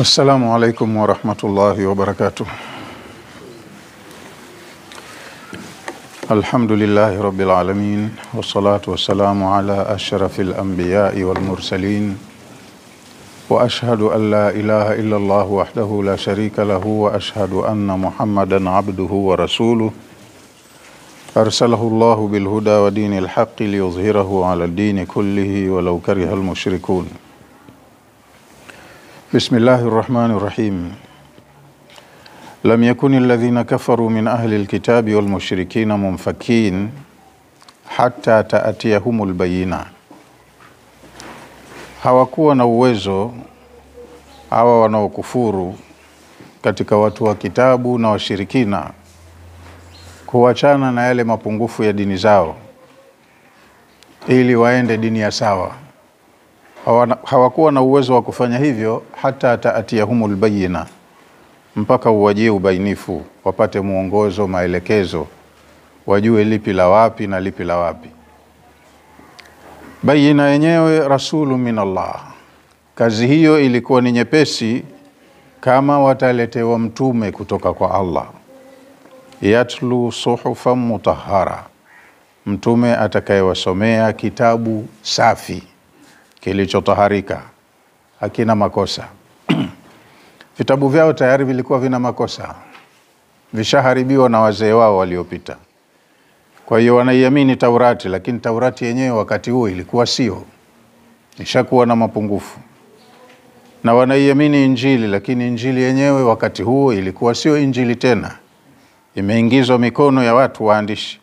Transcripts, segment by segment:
السلام عليكم ورحمة الله وبركاته الحمد لله رب العالمين والصلاة والسلام على أشرف الأنبياء والمرسلين وأشهد أن لا إله إلا الله وحده لا شريك له وأشهد أن محمدا عبده ورسوله أرسله الله بالهدى ودين الحق ليظهره على الدين كله ولو كره المشركون بسم الله الرحمن الرحيم لم يكن الذين كفروا من أهل الكتاب والمشركين منفكين حتى تأتيهم البينة hawakuwa na uwezo hawa wanaokufuru katika watu wa kitabu na washirikina kuachana na yale mapungufu ya dini zao ili waende dini ya sawa hawakuwa na uwezo wa kufanya hivyo hata taatiyahumul bayina, mpaka uwajie ubainifu, wapate mwongozo, maelekezo, wajue lipi la wapi na lipi la wapi. Bayina yenyewe rasulu min Allah, kazi hiyo ilikuwa ni nyepesi kama wataletewa mtume kutoka kwa Allah, yatlu suhufan mutahara, mtume atakayewasomea kitabu safi kilichotaharika hakina makosa vitabu vyao tayari vilikuwa vina makosa vishaharibiwa na wazee wao waliopita kwa hiyo wanaiamini taurati lakini taurati yenyewe wakati huo ilikuwa sio ishakuwa na mapungufu na wanaiamini injili lakini injili yenyewe wakati huo ilikuwa sio injili tena imeingizwa mikono ya watu waandishi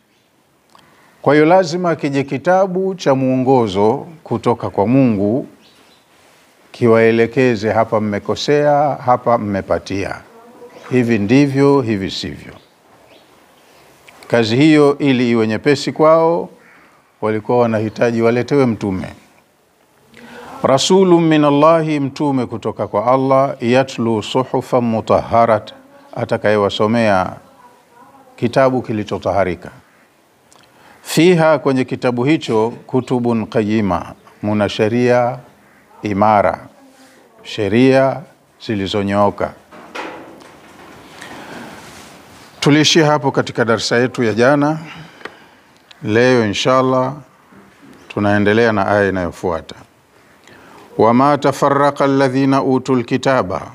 kwa hiyo lazima kije kitabu cha mwongozo kutoka kwa Mungu kiwaelekeze, hapa mmekosea, hapa mmepatia, hivi ndivyo, hivi sivyo. Kazi hiyo ili iwe nyepesi kwao, walikuwa wanahitaji waletewe mtume, rasulu min Allahi, mtume kutoka kwa Allah, yatlu suhufan mutahharat, atakayewasomea kitabu kilichotaharika Fiha, kwenye kitabu hicho, kutubun qayima, muna sheria imara, sheria zilizonyooka. Tuliishia hapo katika darsa yetu ya jana. Leo inshallah tunaendelea na aya inayofuata, wama tafarraqa alladhina utul kitaba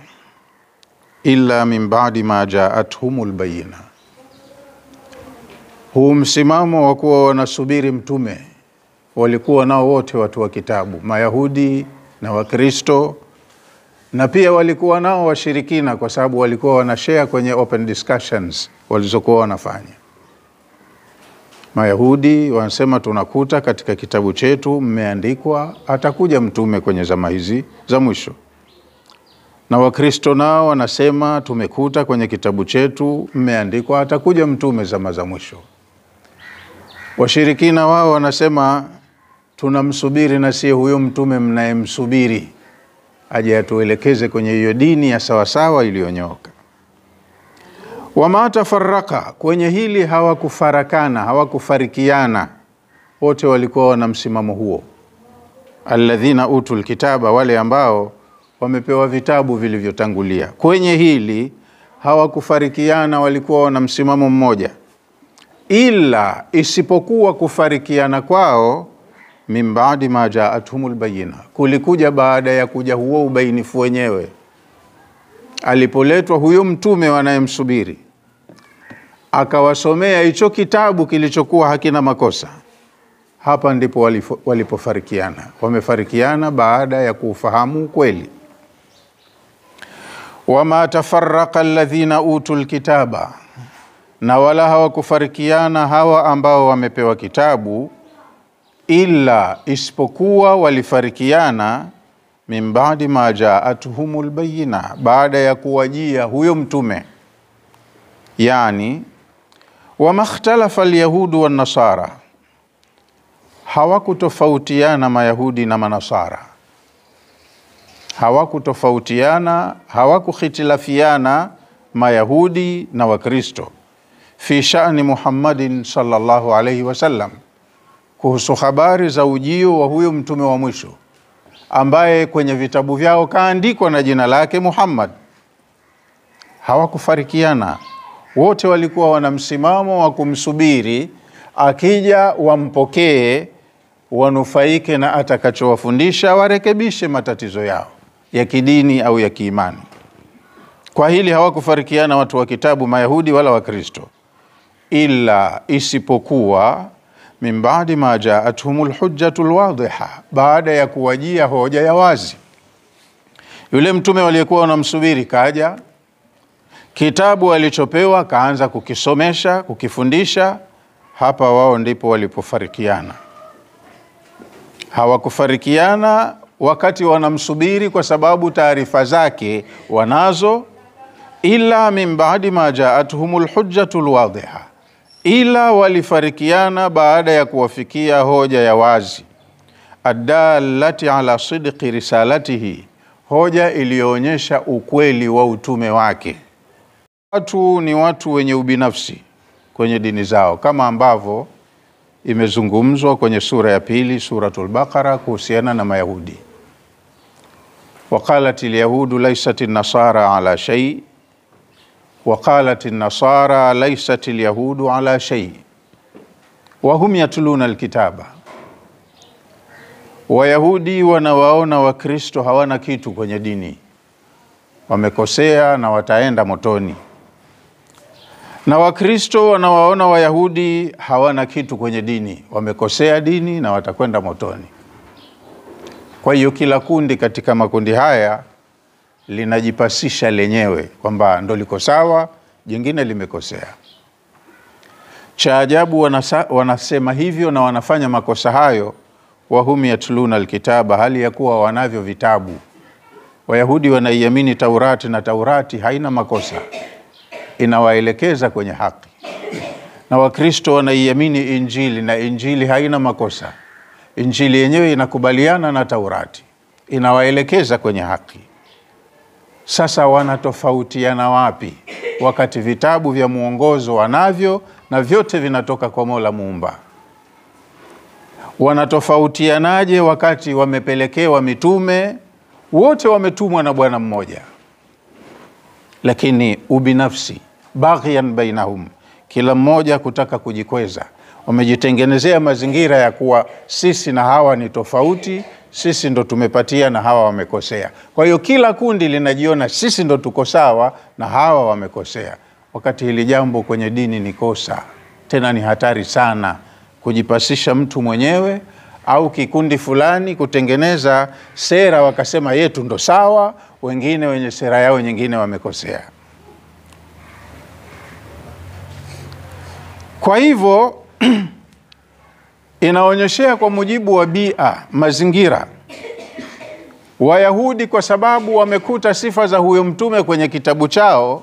illa min ba'di ma jaathum lbayina huu msimamo wa kuwa wanasubiri mtume walikuwa nao wote watu wa kitabu, Mayahudi na Wakristo, na pia walikuwa nao washirikina, kwa sababu walikuwa wanashea kwenye open discussions walizokuwa wanafanya. Mayahudi wanasema tunakuta katika kitabu chetu mmeandikwa atakuja mtume kwenye zama hizi za mwisho, na Wakristo nao wanasema tumekuta kwenye kitabu chetu mmeandikwa atakuja mtume zama za mwisho. Washirikina wao wanasema tunamsubiri na sie huyo mtume mnayemsubiri aje atuelekeze kwenye hiyo dini ya sawasawa iliyonyoka. Wama tafaraka, kwenye hili hawakufarakana, hawakufarikiana, wote walikuwa wana msimamo huo. Alladhina utul kitaba, wale ambao wamepewa vitabu vilivyotangulia, kwenye hili hawakufarikiana, walikuwa wana msimamo mmoja ila isipokuwa kufarikiana kwao min baadi ma jaathumul bayina, kulikuja baada ya kuja huo ubainifu wenyewe. Alipoletwa huyo mtume wanayemsubiri akawasomea hicho kitabu kilichokuwa hakina makosa, hapa ndipo walipofarikiana. Wamefarikiana baada ya kuufahamu ukweli. Wama tafaraka alladhina utul kitaba na wala hawakufarikiana hawa ambao wamepewa kitabu ila isipokuwa walifarikiana min baadi ma jaatuhumul lbayina baada ya kuwajia huyo mtume. Yani wamakhtalafa lyahudu wanasara hawakutofautiana Mayahudi na Manasara, hawakutofautiana hawakuhitilafiana Mayahudi na Wakristo fi sha'ni Muhammadin sallallahu alayhi wasallam, kuhusu habari za ujio wa huyo mtume wa mwisho ambaye kwenye vitabu vyao kaandikwa na jina lake Muhammad. Hawakufarikiana, wote walikuwa wana msimamo wa kumsubiri akija, wampokee, wanufaike na atakachowafundisha, warekebishe matatizo yao ya kidini au ya kiimani. Kwa hili hawakufarikiana watu wa kitabu, Mayahudi wala Wakristo illa isipokuwa min baadi ma jaathum hujjatu lwadiha, baada ya kuwajia hoja ya wazi. Yule mtume waliyekuwa wanamsubiri kaja, kitabu alichopewa kaanza kukisomesha, kukifundisha. Hapa wao ndipo walipofarikiana. Hawakufarikiana wakati wanamsubiri, kwa sababu taarifa zake wanazo, ila min baadi ma jaathum lhujjatu lwadiha ila walifarikiana baada ya kuwafikia hoja ya wazi adalati ala sidqi risalatihi, hoja iliyoonyesha ukweli wa utume wake. Watu ni watu wenye ubinafsi kwenye dini zao, kama ambavyo imezungumzwa kwenye sura ya pili, Suratul Baqara, kuhusiana na Mayahudi. Waqalat lyahudu laisat nasara ala shay وقالت النصارى ليست اليهود على شيء وهم يتلون الكتاب wayahudi wanawaona wakristo hawana kitu kwenye dini wamekosea na wataenda motoni na wakristo wanawaona wayahudi hawana kitu kwenye dini wamekosea dini na watakwenda motoni kwa hiyo kila kundi katika makundi haya linajipasisha lenyewe kwamba ndo liko sawa, jingine limekosea. Cha ajabu wanasa, wanasema hivyo na wanafanya makosa hayo, wahum yatluna alkitaba, hali ya kuwa wanavyo vitabu. Wayahudi wanaiamini Taurati na Taurati haina makosa, inawaelekeza kwenye haki, na Wakristo wanaiamini Injili na Injili haina makosa, Injili yenyewe inakubaliana na Taurati, inawaelekeza kwenye haki sasa wanatofautiana wapi, wakati vitabu vya mwongozo wanavyo na vyote vinatoka kwa Mola Muumba? Wanatofautianaje wakati wamepelekewa mitume wote wametumwa na bwana mmoja, lakini ubinafsi, baghyan bainahum, kila mmoja kutaka kujikweza, wamejitengenezea mazingira ya kuwa sisi na hawa ni tofauti sisi ndo tumepatia na hawa wamekosea. Kwa hiyo kila kundi linajiona sisi ndo tuko sawa na hawa wamekosea, wakati hili jambo kwenye dini ni kosa, tena ni hatari sana kujipasisha mtu mwenyewe au kikundi fulani kutengeneza sera wakasema yetu ndo sawa, wengine wenye sera yao nyingine wamekosea. Kwa hivyo inaonyeshea kwa mujibu wa bia mazingira Wayahudi kwa sababu wamekuta sifa za huyo mtume kwenye kitabu chao,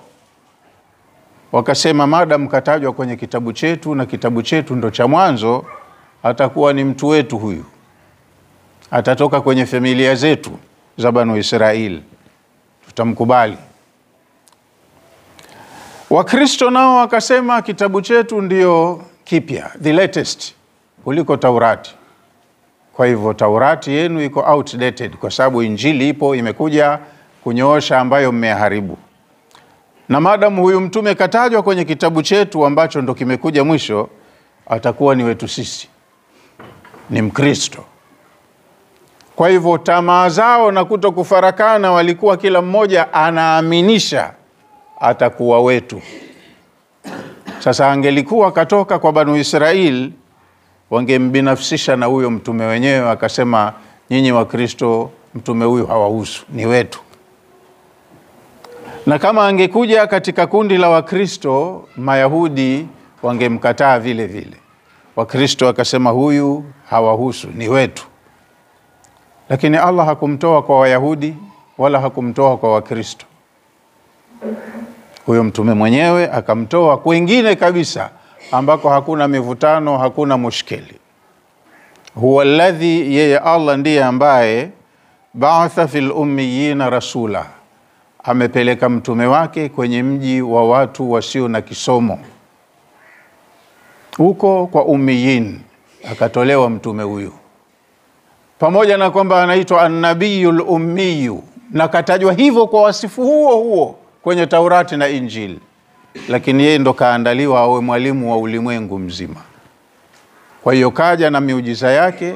wakasema madam katajwa kwenye kitabu chetu na kitabu chetu ndo cha mwanzo, atakuwa ni mtu wetu huyu, atatoka kwenye familia zetu za Banu Israeli, tutamkubali. Wakristo nao wakasema kitabu chetu ndio kipya, the latest kuliko Taurati. Kwa hivyo Taurati yenu iko outdated kwa sababu Injili ipo imekuja kunyoosha ambayo mmeharibu. Na madamu huyu mtume katajwa kwenye kitabu chetu ambacho ndo kimekuja mwisho, atakuwa ni wetu sisi, ni Mkristo. Kwa hivyo tamaa zao na kuto kufarakana, walikuwa kila mmoja anaaminisha atakuwa wetu. Sasa angelikuwa katoka kwa Banu Israeli wangembinafsisha na huyo mtume wenyewe, akasema nyinyi Wakristo, mtume huyu hawahusu, ni wetu. Na kama angekuja katika kundi la Wakristo, Mayahudi wangemkataa vile vile. Wakristo akasema huyu hawahusu, ni wetu. Lakini Allah hakumtoa kwa Wayahudi wala hakumtoa kwa Wakristo, huyo mtume mwenyewe akamtoa kwengine kabisa ambako hakuna mivutano, hakuna mushkili. Huwa ladhi, yeye Allah ndiye ambaye baatha fil ummiyina rasula, amepeleka mtume wake kwenye mji wa watu wasio na kisomo huko kwa ummiyin, akatolewa mtume huyu, pamoja na kwamba anaitwa annabiyul ummiyu, na katajwa hivyo kwa wasifu huo huo kwenye Taurati na Injili lakini yeye ndo kaandaliwa awe mwalimu wa ulimwengu mzima. Kwa hiyo kaja na miujiza yake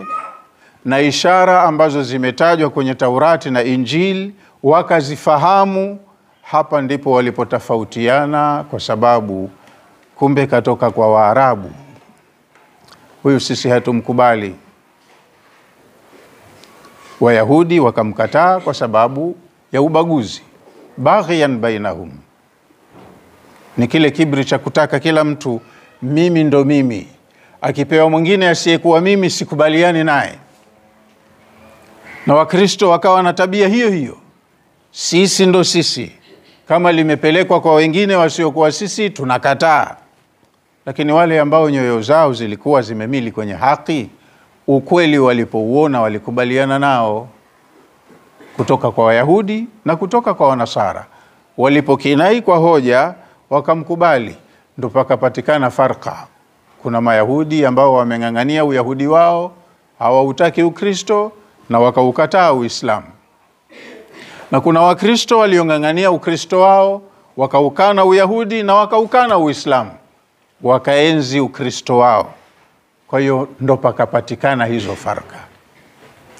na ishara ambazo zimetajwa kwenye Taurati na Injili, wakazifahamu. Hapa ndipo walipotofautiana, kwa sababu kumbe katoka kwa Waarabu huyu, sisi hatumkubali. Wayahudi wakamkataa kwa sababu ya ubaguzi, baghyan bainahum ni kile kibri cha kutaka kila mtu mimi ndo mimi, akipewa mwingine asiyekuwa mimi sikubaliani naye. Na Wakristo wakawa na tabia hiyo hiyo, sisi ndo sisi. Kama limepelekwa kwa wengine wasiokuwa sisi, tunakataa. Lakini wale ambao nyoyo zao zilikuwa zimemili kwenye haki, ukweli walipouona walikubaliana nao, kutoka kwa Wayahudi na kutoka kwa Wanasara. Walipokinai kwa hoja wakamkubali, ndo pakapatikana farqa. Kuna Mayahudi ambao wameng'ang'ania Uyahudi wao, hawautaki Ukristo na wakaukataa Uislamu, na kuna Wakristo waliong'ang'ania Ukristo wao wakaukana Uyahudi na wakaukana Uislamu, wakaenzi Ukristo wao. Kwa hiyo ndo pakapatikana hizo farka.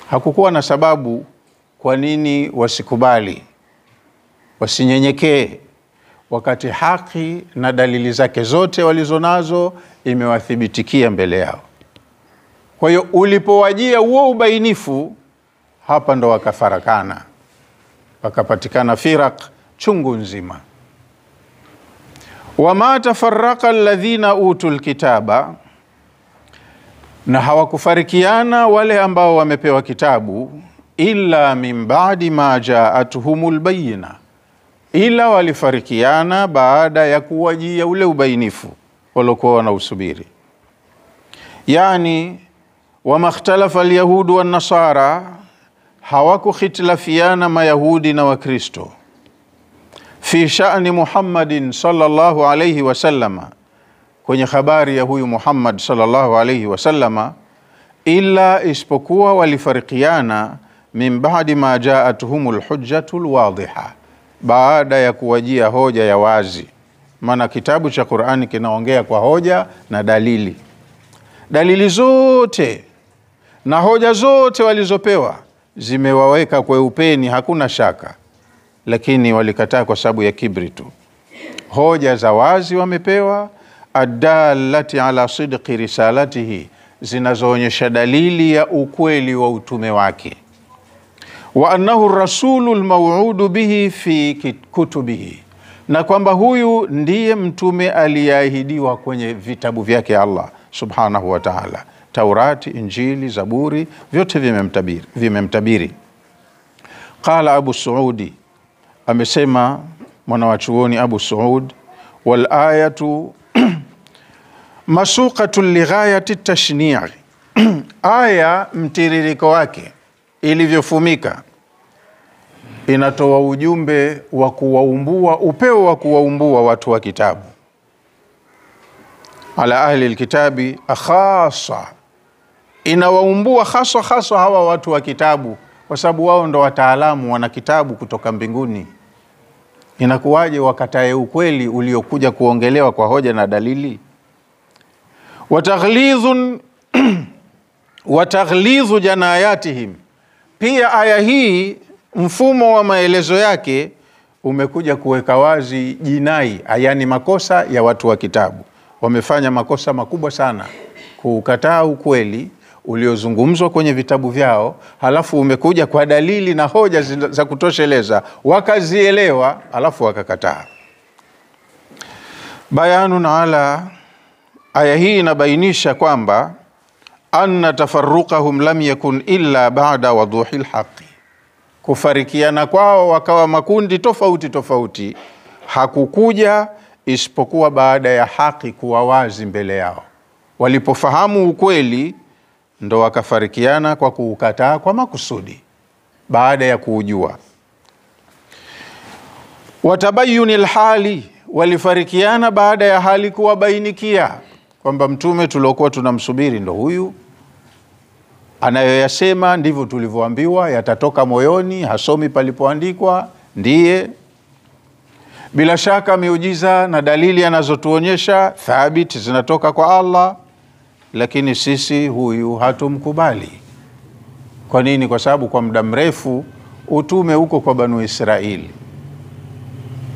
Hakukuwa na sababu kwa nini wasikubali, wasinyenyekee wakati haki na dalili zake zote walizonazo imewathibitikia mbele yao. Kwa hiyo ulipowajia huo ubainifu, hapa ndo wakafarakana, wakapatikana firaq chungu nzima. Wama tafaraka alladhina utu lkitaba, na hawakufarikiana wale ambao wamepewa kitabu, illa min badi ma jaatuhum lbayina ila walifarikiana baada ya kuwajia ule ubainifu waliokuwa wanausubiri. Yani, wamakhtalafa alyahudu wannasara, hawakuhitilafiana Mayahudi na Wakristo fi shani Muhammadin sallallahu alayhi wasallama, kwenye habari ya huyu Muhammad sallallahu alayhi wasallama, ila isipokuwa walifarikiana min badi ma jaathum lhujjatu lwadhiha baada ya kuwajia hoja ya wazi. Maana kitabu cha Qur'ani kinaongea kwa hoja na dalili. Dalili zote na hoja zote walizopewa zimewaweka kweupeni, hakuna shaka, lakini walikataa kwa sababu ya kibri tu. Hoja za wazi wamepewa, adalati ala sidqi risalatihi, zinazoonyesha dalili ya ukweli wa utume wake wa annahu rasulu lmauudu bihi fi kutubihi, na kwamba huyu ndiye mtume aliyeahidiwa kwenye vitabu vyake Allah subhanahu wataala Taurati, Injili, Zaburi, vyote vimemtabiri, vimemtabiri. Qala Abu Suudi, amesema mwanawachuoni Abu Suud, walayatu masukatu masuqatu lighayati tashnii, aya mtiririko wake ilivyofumika inatoa ujumbe wa kuwaumbua upeo wa kuwaumbua watu wa kitabu ala ahli lkitabi khasa inawaumbua haswa haswa hawa watu wa kitabu kwa sababu wao ndo wataalamu wana kitabu kutoka mbinguni inakuwaje wakatae ukweli uliokuja kuongelewa kwa hoja na dalili wataghlidhu janayatihim pia aya hii mfumo wa maelezo yake umekuja kuweka wazi jinai, yaani makosa ya watu wa kitabu. Wamefanya makosa makubwa sana kuukataa ukweli uliozungumzwa kwenye vitabu vyao, halafu umekuja kwa dalili na hoja za kutosheleza, wakazielewa, halafu wakakataa. Bayanun ala, aya hii inabainisha kwamba anna tafarruqahum lam yakun illa ba'da wuduhi lhaqi, kufarikiana kwao wakawa makundi tofauti tofauti hakukuja isipokuwa baada ya haki kuwa wazi mbele yao. Walipofahamu ukweli, ndo wakafarikiana kwa kuukataa kwa makusudi baada ya kuujua. Watabayuni lhali, walifarikiana baada ya hali kuwabainikia kwamba mtume tuliokuwa tunamsubiri ndo huyu anayoyasema ndivyo tulivyoambiwa, yatatoka moyoni, hasomi palipoandikwa, ndiye bila shaka miujiza na dalili anazotuonyesha thabiti zinatoka kwa Allah, lakini sisi huyu hatumkubali. Kwa nini? Kwa sababu kwa muda mrefu utume huko kwa Banu israeli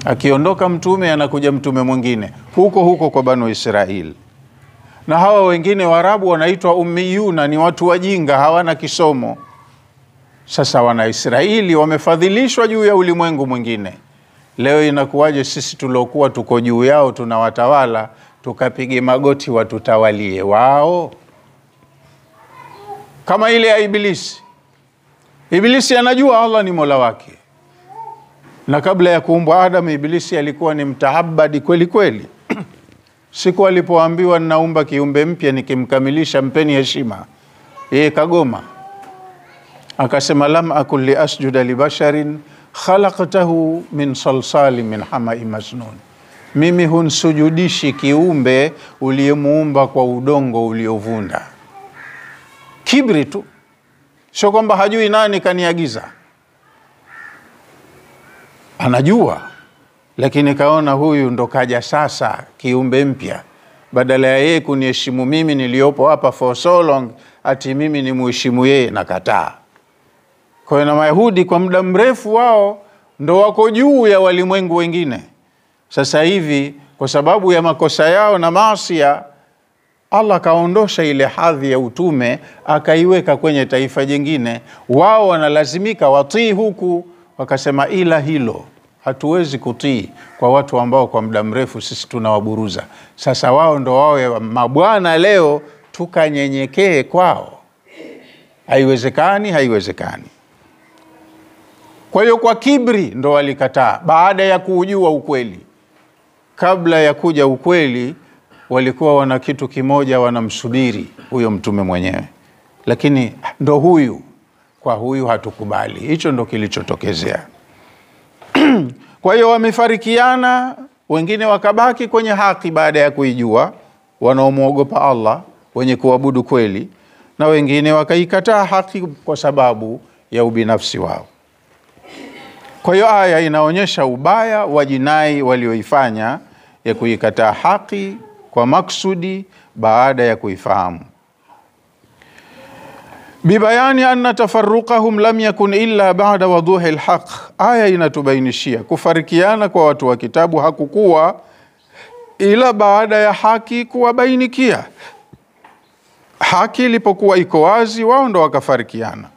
akiondoka mtume anakuja mtume mwingine huko huko kwa Banu israeli na hawa wengine Waarabu wanaitwa ummiyuna, ni watu wajinga, hawana kisomo. Sasa Wanaisraeli wamefadhilishwa juu ya ulimwengu mwingine. Leo inakuwaje sisi tuliokuwa tuko juu yao tunawatawala, tukapige magoti watutawalie wao, kama ile ya Ibilisi. Ibilisi anajua Allah ni mola wake, na kabla ya kuumbwa Adamu, Ibilisi alikuwa ni mtaabadi kweli kweli siku alipoambiwa naumba kiumbe mpya nikimkamilisha mpeni heshima, yeye kagoma, akasema lam asjuda liasjuda libasharin khalaqtahu min salsali min hamai masnun, mimi hunsujudishi kiumbe uliyemuumba kwa udongo uliovunda. Kibri tu, sio kwamba hajui nani kaniagiza, anajua lakini kaona huyu ndo kaja sasa kiumbe mpya badala ya yeye kuniheshimu mimi niliyopo hapa for so long ati mimi ni muheshimu yeye nakataa kwa hiyo na mayahudi kwa muda mrefu wao ndo wako juu ya walimwengu wengine sasa hivi kwa sababu ya makosa yao na maasia allah akaondosha ile hadhi ya utume akaiweka kwenye taifa jingine wao wanalazimika watii huku wakasema ila hilo hatuwezi kutii kwa watu ambao kwa muda mrefu sisi tunawaburuza. Sasa wao ndo wawe mabwana leo, tukanyenyekee kwao? Haiwezekani, haiwezekani. Kwa hiyo kwa kibri ndo walikataa, baada ya kuujua ukweli. Kabla ya kuja ukweli, walikuwa wana kitu kimoja, wanamsubiri huyo mtume mwenyewe, lakini ndo huyu kwa huyu hatukubali. Hicho ndo kilichotokezea. Kwa hiyo wamefarikiana, wengine wakabaki kwenye haki baada ya kuijua, wanaomwogopa Allah, wenye kuabudu kweli, na wengine wakaikataa haki kwa sababu ya ubinafsi wao. Kwa hiyo aya inaonyesha ubaya wa jinai walioifanya ya kuikataa haki kwa maksudi baada ya kuifahamu bibayani anna tafarruqahum lam yakun illa ba'da wuduhi alhaq, aya inatubainishia kufarikiana kwa watu wa kitabu hakukuwa ila baada ya haki kuwabainikia. Haki ilipokuwa iko wazi, wao ndo wakafarikiana.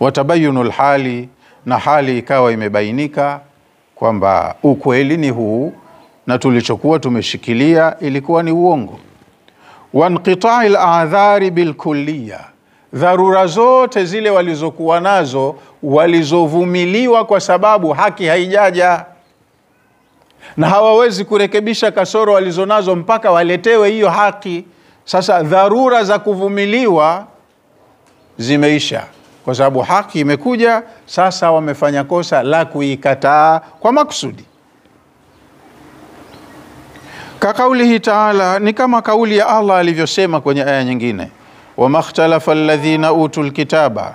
Watabayunu lhali, na hali ikawa imebainika kwamba ukweli ni huu na tulichokuwa tumeshikilia ilikuwa ni uongo. Wanqitai ladhari bilkuliya dharura zote zile walizokuwa nazo walizovumiliwa, kwa sababu haki haijaja na hawawezi kurekebisha kasoro walizonazo mpaka waletewe hiyo haki. Sasa dharura za kuvumiliwa zimeisha, kwa sababu haki imekuja. Sasa wamefanya kosa la kuikataa kwa maksudi ka kaulihi taala ni kama kauli ya Allah alivyosema kwenye aya nyingine wama ikhtalafa alladhina utul kitaba,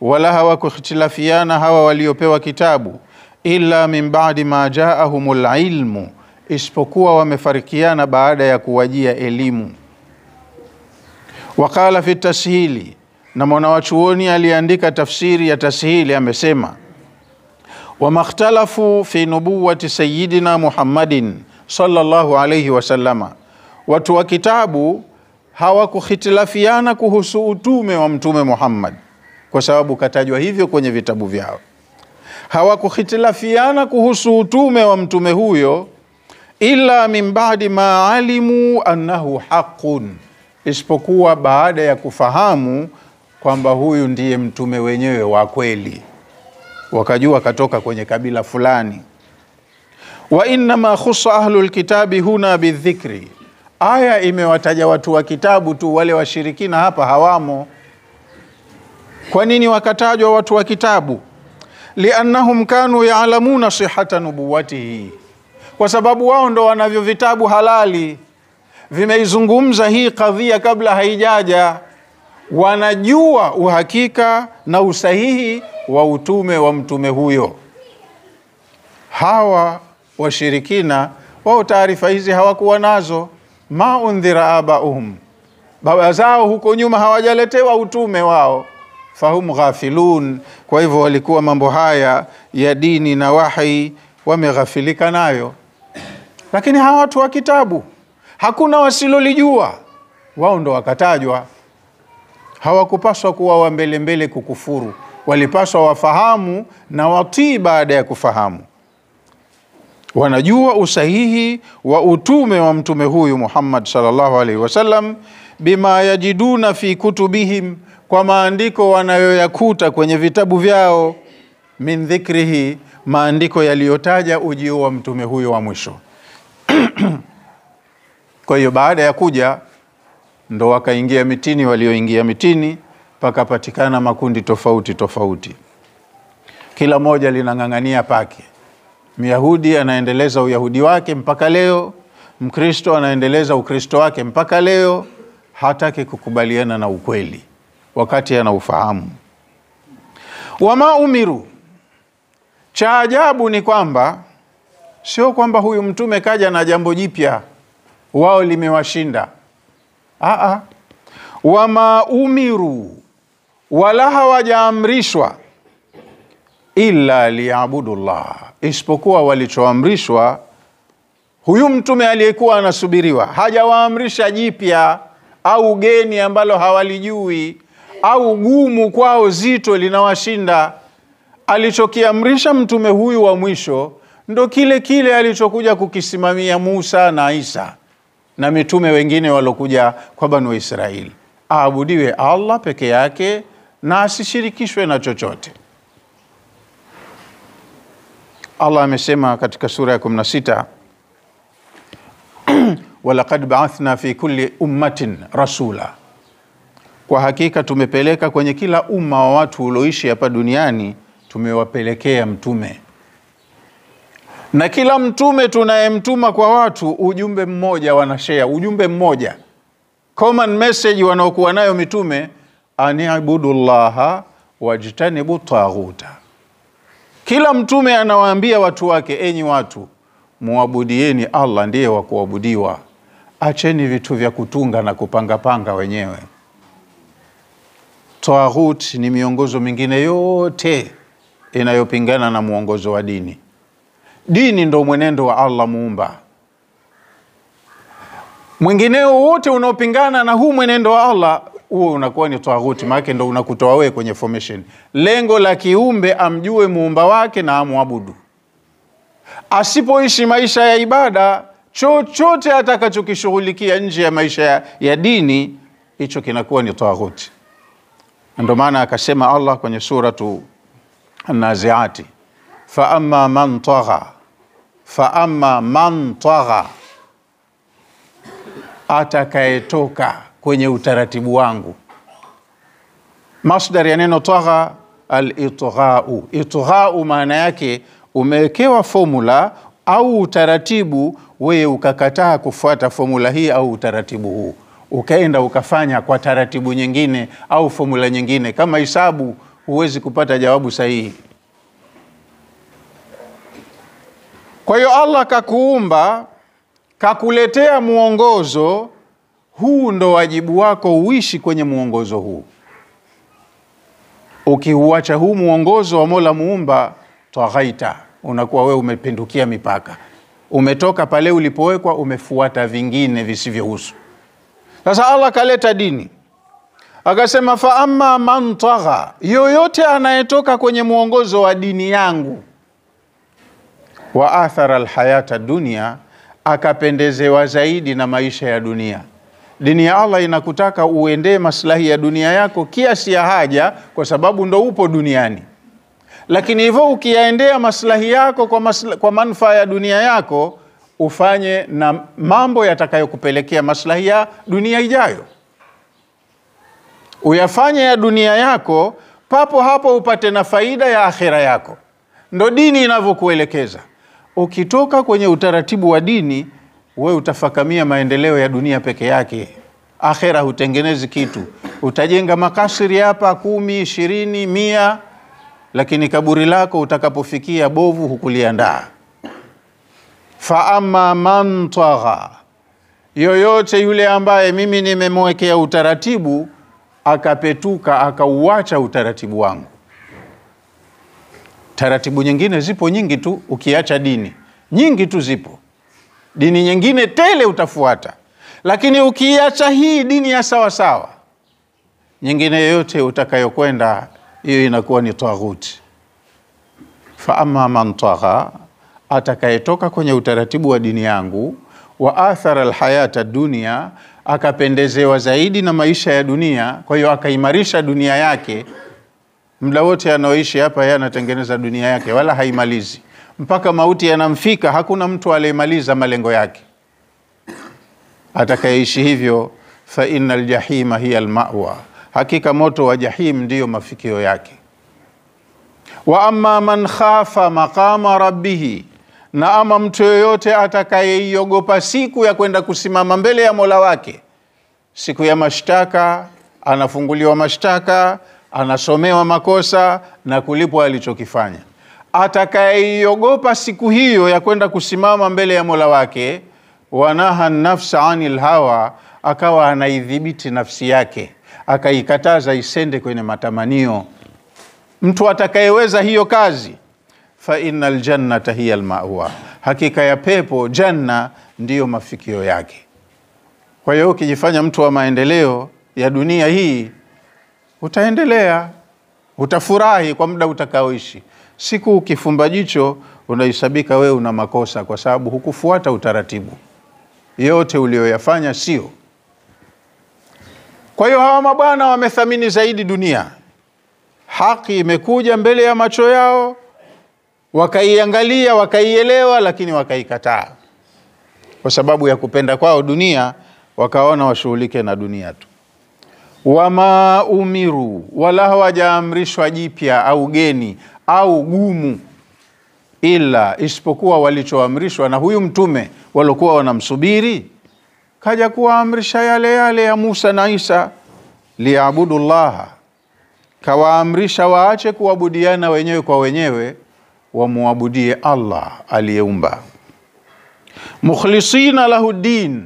wala hawakuhtilafiana hawa waliopewa kitabu illa min ba'di ma jaahumul ilmu, isipokuwa wamefarikiana baada ya kuwajia elimu. Waqala fi tashili na mwanawachuoni aliandika tafsiri ya tashili amesema, wamakhtalafu fi nubuwati sayidina Muhammadin sallallahu alayhi wasallama, watu wa kitabu hawakuhitilafiana kuhusu utume wa Mtume Muhammad kwa sababu katajwa hivyo kwenye vitabu vyao. Hawakuhitilafiana kuhusu utume wa mtume huyo ila min baadi ma alimu annahu haqun, isipokuwa baada ya kufahamu kwamba huyu ndiye mtume wenyewe wa kweli, wakajua katoka kwenye kabila fulani. Wa innama khusa ahlu lkitabi huna bidhikri Aya imewataja watu wa kitabu tu, wale washirikina hapa hawamo. Kwa nini wakatajwa watu wa kitabu? Liannahum kanu yaalamuna sihata nubuwatihi, kwa sababu wao ndo wanavyo vitabu halali vimeizungumza hii kadhia kabla haijaja. Wanajua uhakika na usahihi wa utume wa mtume huyo. Hawa washirikina wao taarifa hizi hawakuwa nazo ma undhira abauhum, baba zao huko nyuma hawajaletewa utume wao, fahum ghafilun. Kwa hivyo walikuwa mambo haya ya dini na wahi wameghafilika nayo, lakini hawa watu wa kitabu hakuna wasilolijua, wao ndo wakatajwa. Hawakupaswa kuwa wa mbele mbele kukufuru, walipaswa wafahamu na watii baada ya kufahamu wanajua usahihi wa utume wa mtume huyu Muhammad sallallahu alaihi wasallam, bima yajiduna fi kutubihim, kwa maandiko wanayoyakuta kwenye vitabu vyao, min dhikrihi, maandiko yaliyotaja ujio wa mtume huyo wa mwisho. Kwa hiyo baada ya kuja ndo wakaingia mitini walioingia mitini, pakapatikana makundi tofauti tofauti, kila moja linang'ang'ania pake Myahudi anaendeleza uyahudi wake mpaka leo, Mkristo anaendeleza Ukristo wake mpaka leo. Hataki kukubaliana na ukweli wakati anaufahamu. Wama umiru, cha ajabu ni kwamba sio kwamba huyu mtume kaja na jambo jipya wao limewashinda. Aa, wama umiru, wala hawajaamrishwa illa liyabudu llah, isipokuwa walichoamrishwa. Huyu mtume aliyekuwa anasubiriwa hajawaamrisha jipya au geni ambalo hawalijui au gumu kwao zito linawashinda. Alichokiamrisha mtume huyu wa mwisho ndo kile kile alichokuja kukisimamia Musa na Isa na mitume wengine walokuja kwa Banu Israeli, aabudiwe Allah peke yake na asishirikishwe na chochote. Allah amesema katika sura ya 16 walaqad baathna fi kulli ummatin rasula, kwa hakika tumepeleka kwenye kila umma wa watu ulioishi hapa duniani tumewapelekea mtume, na kila mtume tunayemtuma kwa watu ujumbe mmoja, wanashea ujumbe mmoja, common message wanaokuwa nayo mitume, anibudu llaha wajtanibu taghuta kila mtume anawaambia watu wake, enyi watu, muabudieni Allah ndiye wa kuabudiwa, acheni vitu vya kutunga na kupangapanga wenyewe. Tawhut ni miongozo mingine yote inayopingana na mwongozo wa dini. Dini ndo mwenendo wa Allah muumba. Mwingineo wote unaopingana na huu mwenendo wa Allah huo unakuwa ni taghuti, maanake ndo unakutoa wewe kwenye formation. Lengo la kiumbe amjue muumba wake na amwabudu. Asipoishi maisha ya ibada, chochote atakachokishughulikia nje ya maisha ya, ya dini, hicho kinakuwa ni taghuti. Ndo maana akasema Allah kwenye suratu Naziati, faama man tagha, amma man tagha, atakayetoka kwenye utaratibu wangu. Masdar ya neno tagha alitghau, itghau maana yake umewekewa fomula au utaratibu, wewe ukakataa kufuata formula hii au utaratibu huu, ukaenda ukafanya kwa taratibu nyingine au fomula nyingine. Kama hisabu, huwezi kupata jawabu sahihi. Kwa hiyo Allah kakuumba, kakuletea mwongozo huu ndo wajibu wako, uishi kwenye mwongozo huu. Ukiuacha huu mwongozo wa Mola Muumba, twaghaita, unakuwa wewe umepindukia mipaka, umetoka pale ulipowekwa, umefuata vingine visivyohusu. Sasa Allah kaleta dini akasema, fa man tagha, yoyote anayetoka kwenye mwongozo wa dini yangu, wa athara lhayata dunia, akapendezewa zaidi na maisha ya dunia Dini ya Allah inakutaka uendee maslahi ya dunia yako kiasi ya haja, kwa sababu ndo upo duniani. Lakini hivyo ukiyaendea maslahi yako kwa, masla, kwa manufaa ya dunia yako, ufanye na mambo yatakayokupelekea maslahi ya dunia ijayo. Uyafanye ya dunia yako papo hapo upate na faida ya akhira yako. Ndo dini inavyokuelekeza. Ukitoka kwenye utaratibu wa dini we utafakamia maendeleo ya dunia peke yake, akhera hutengenezi kitu. Utajenga makasiri hapa kumi, ishirini, mia, lakini kaburi lako utakapofikia bovu hukuliandaa. Faama man tagha, yoyote yule ambaye mimi nimemwekea utaratibu akapetuka akauacha utaratibu wangu. Taratibu nyingine zipo nyingi tu, ukiacha dini nyingi tu zipo dini nyingine tele utafuata, lakini ukiacha hii dini ya sawa sawa, nyingine yoyote utakayokwenda hiyo inakuwa ni taghuti. Fa amma man tagha, atakayetoka kwenye utaratibu wa dini yangu wa athara alhayata dunia, akapendezewa zaidi na maisha ya dunia, kwa hiyo akaimarisha dunia yake. Mda wote anaoishi hapa, yeye anatengeneza dunia yake, wala haimalizi mpaka mauti yanamfika, hakuna mtu aliyemaliza malengo yake. Atakayeishi hivyo, fa inna ljahima hiya lmawa, hakika moto wa jahim ndiyo mafikio yake. Wa ama man khafa maqama rabbihi, na ama mtu yoyote atakayeiogopa siku ya kwenda kusimama mbele ya mola wake, siku ya mashtaka, anafunguliwa mashtaka, anasomewa makosa na kulipwa alichokifanya atakayeiogopa siku hiyo ya kwenda kusimama mbele ya mola wake wanaha nafsa ani hawa akawa anaidhibiti nafsi yake akaikataza isende kwenye matamanio mtu atakayeweza hiyo kazi fa innal jannata hiya almawa hakika ya pepo janna ndiyo mafikio yake kwa hiyo ukijifanya mtu wa maendeleo ya dunia hii utaendelea utafurahi kwa muda utakaoishi Siku ukifumba jicho unahesabika wewe una makosa, kwa sababu hukufuata utaratibu, yote uliyoyafanya sio. Kwa hiyo hawa mabwana wamethamini zaidi dunia, haki imekuja mbele ya macho yao, wakaiangalia, wakaielewa, lakini wakaikataa kwa sababu ya kupenda kwao dunia, wakaona washughulike na dunia tu. Wama umiru, wala hawajaamrishwa jipya au geni au gumu, ila isipokuwa walichoamrishwa na huyu mtume walokuwa wanamsubiri, kaja kuwaamrisha yale yale ya Musa na Isa, liabudu llaha, kawaamrisha waache kuabudiana wenyewe kwa wenyewe, wamwabudie Allah aliyeumba, mukhlisina lahu din,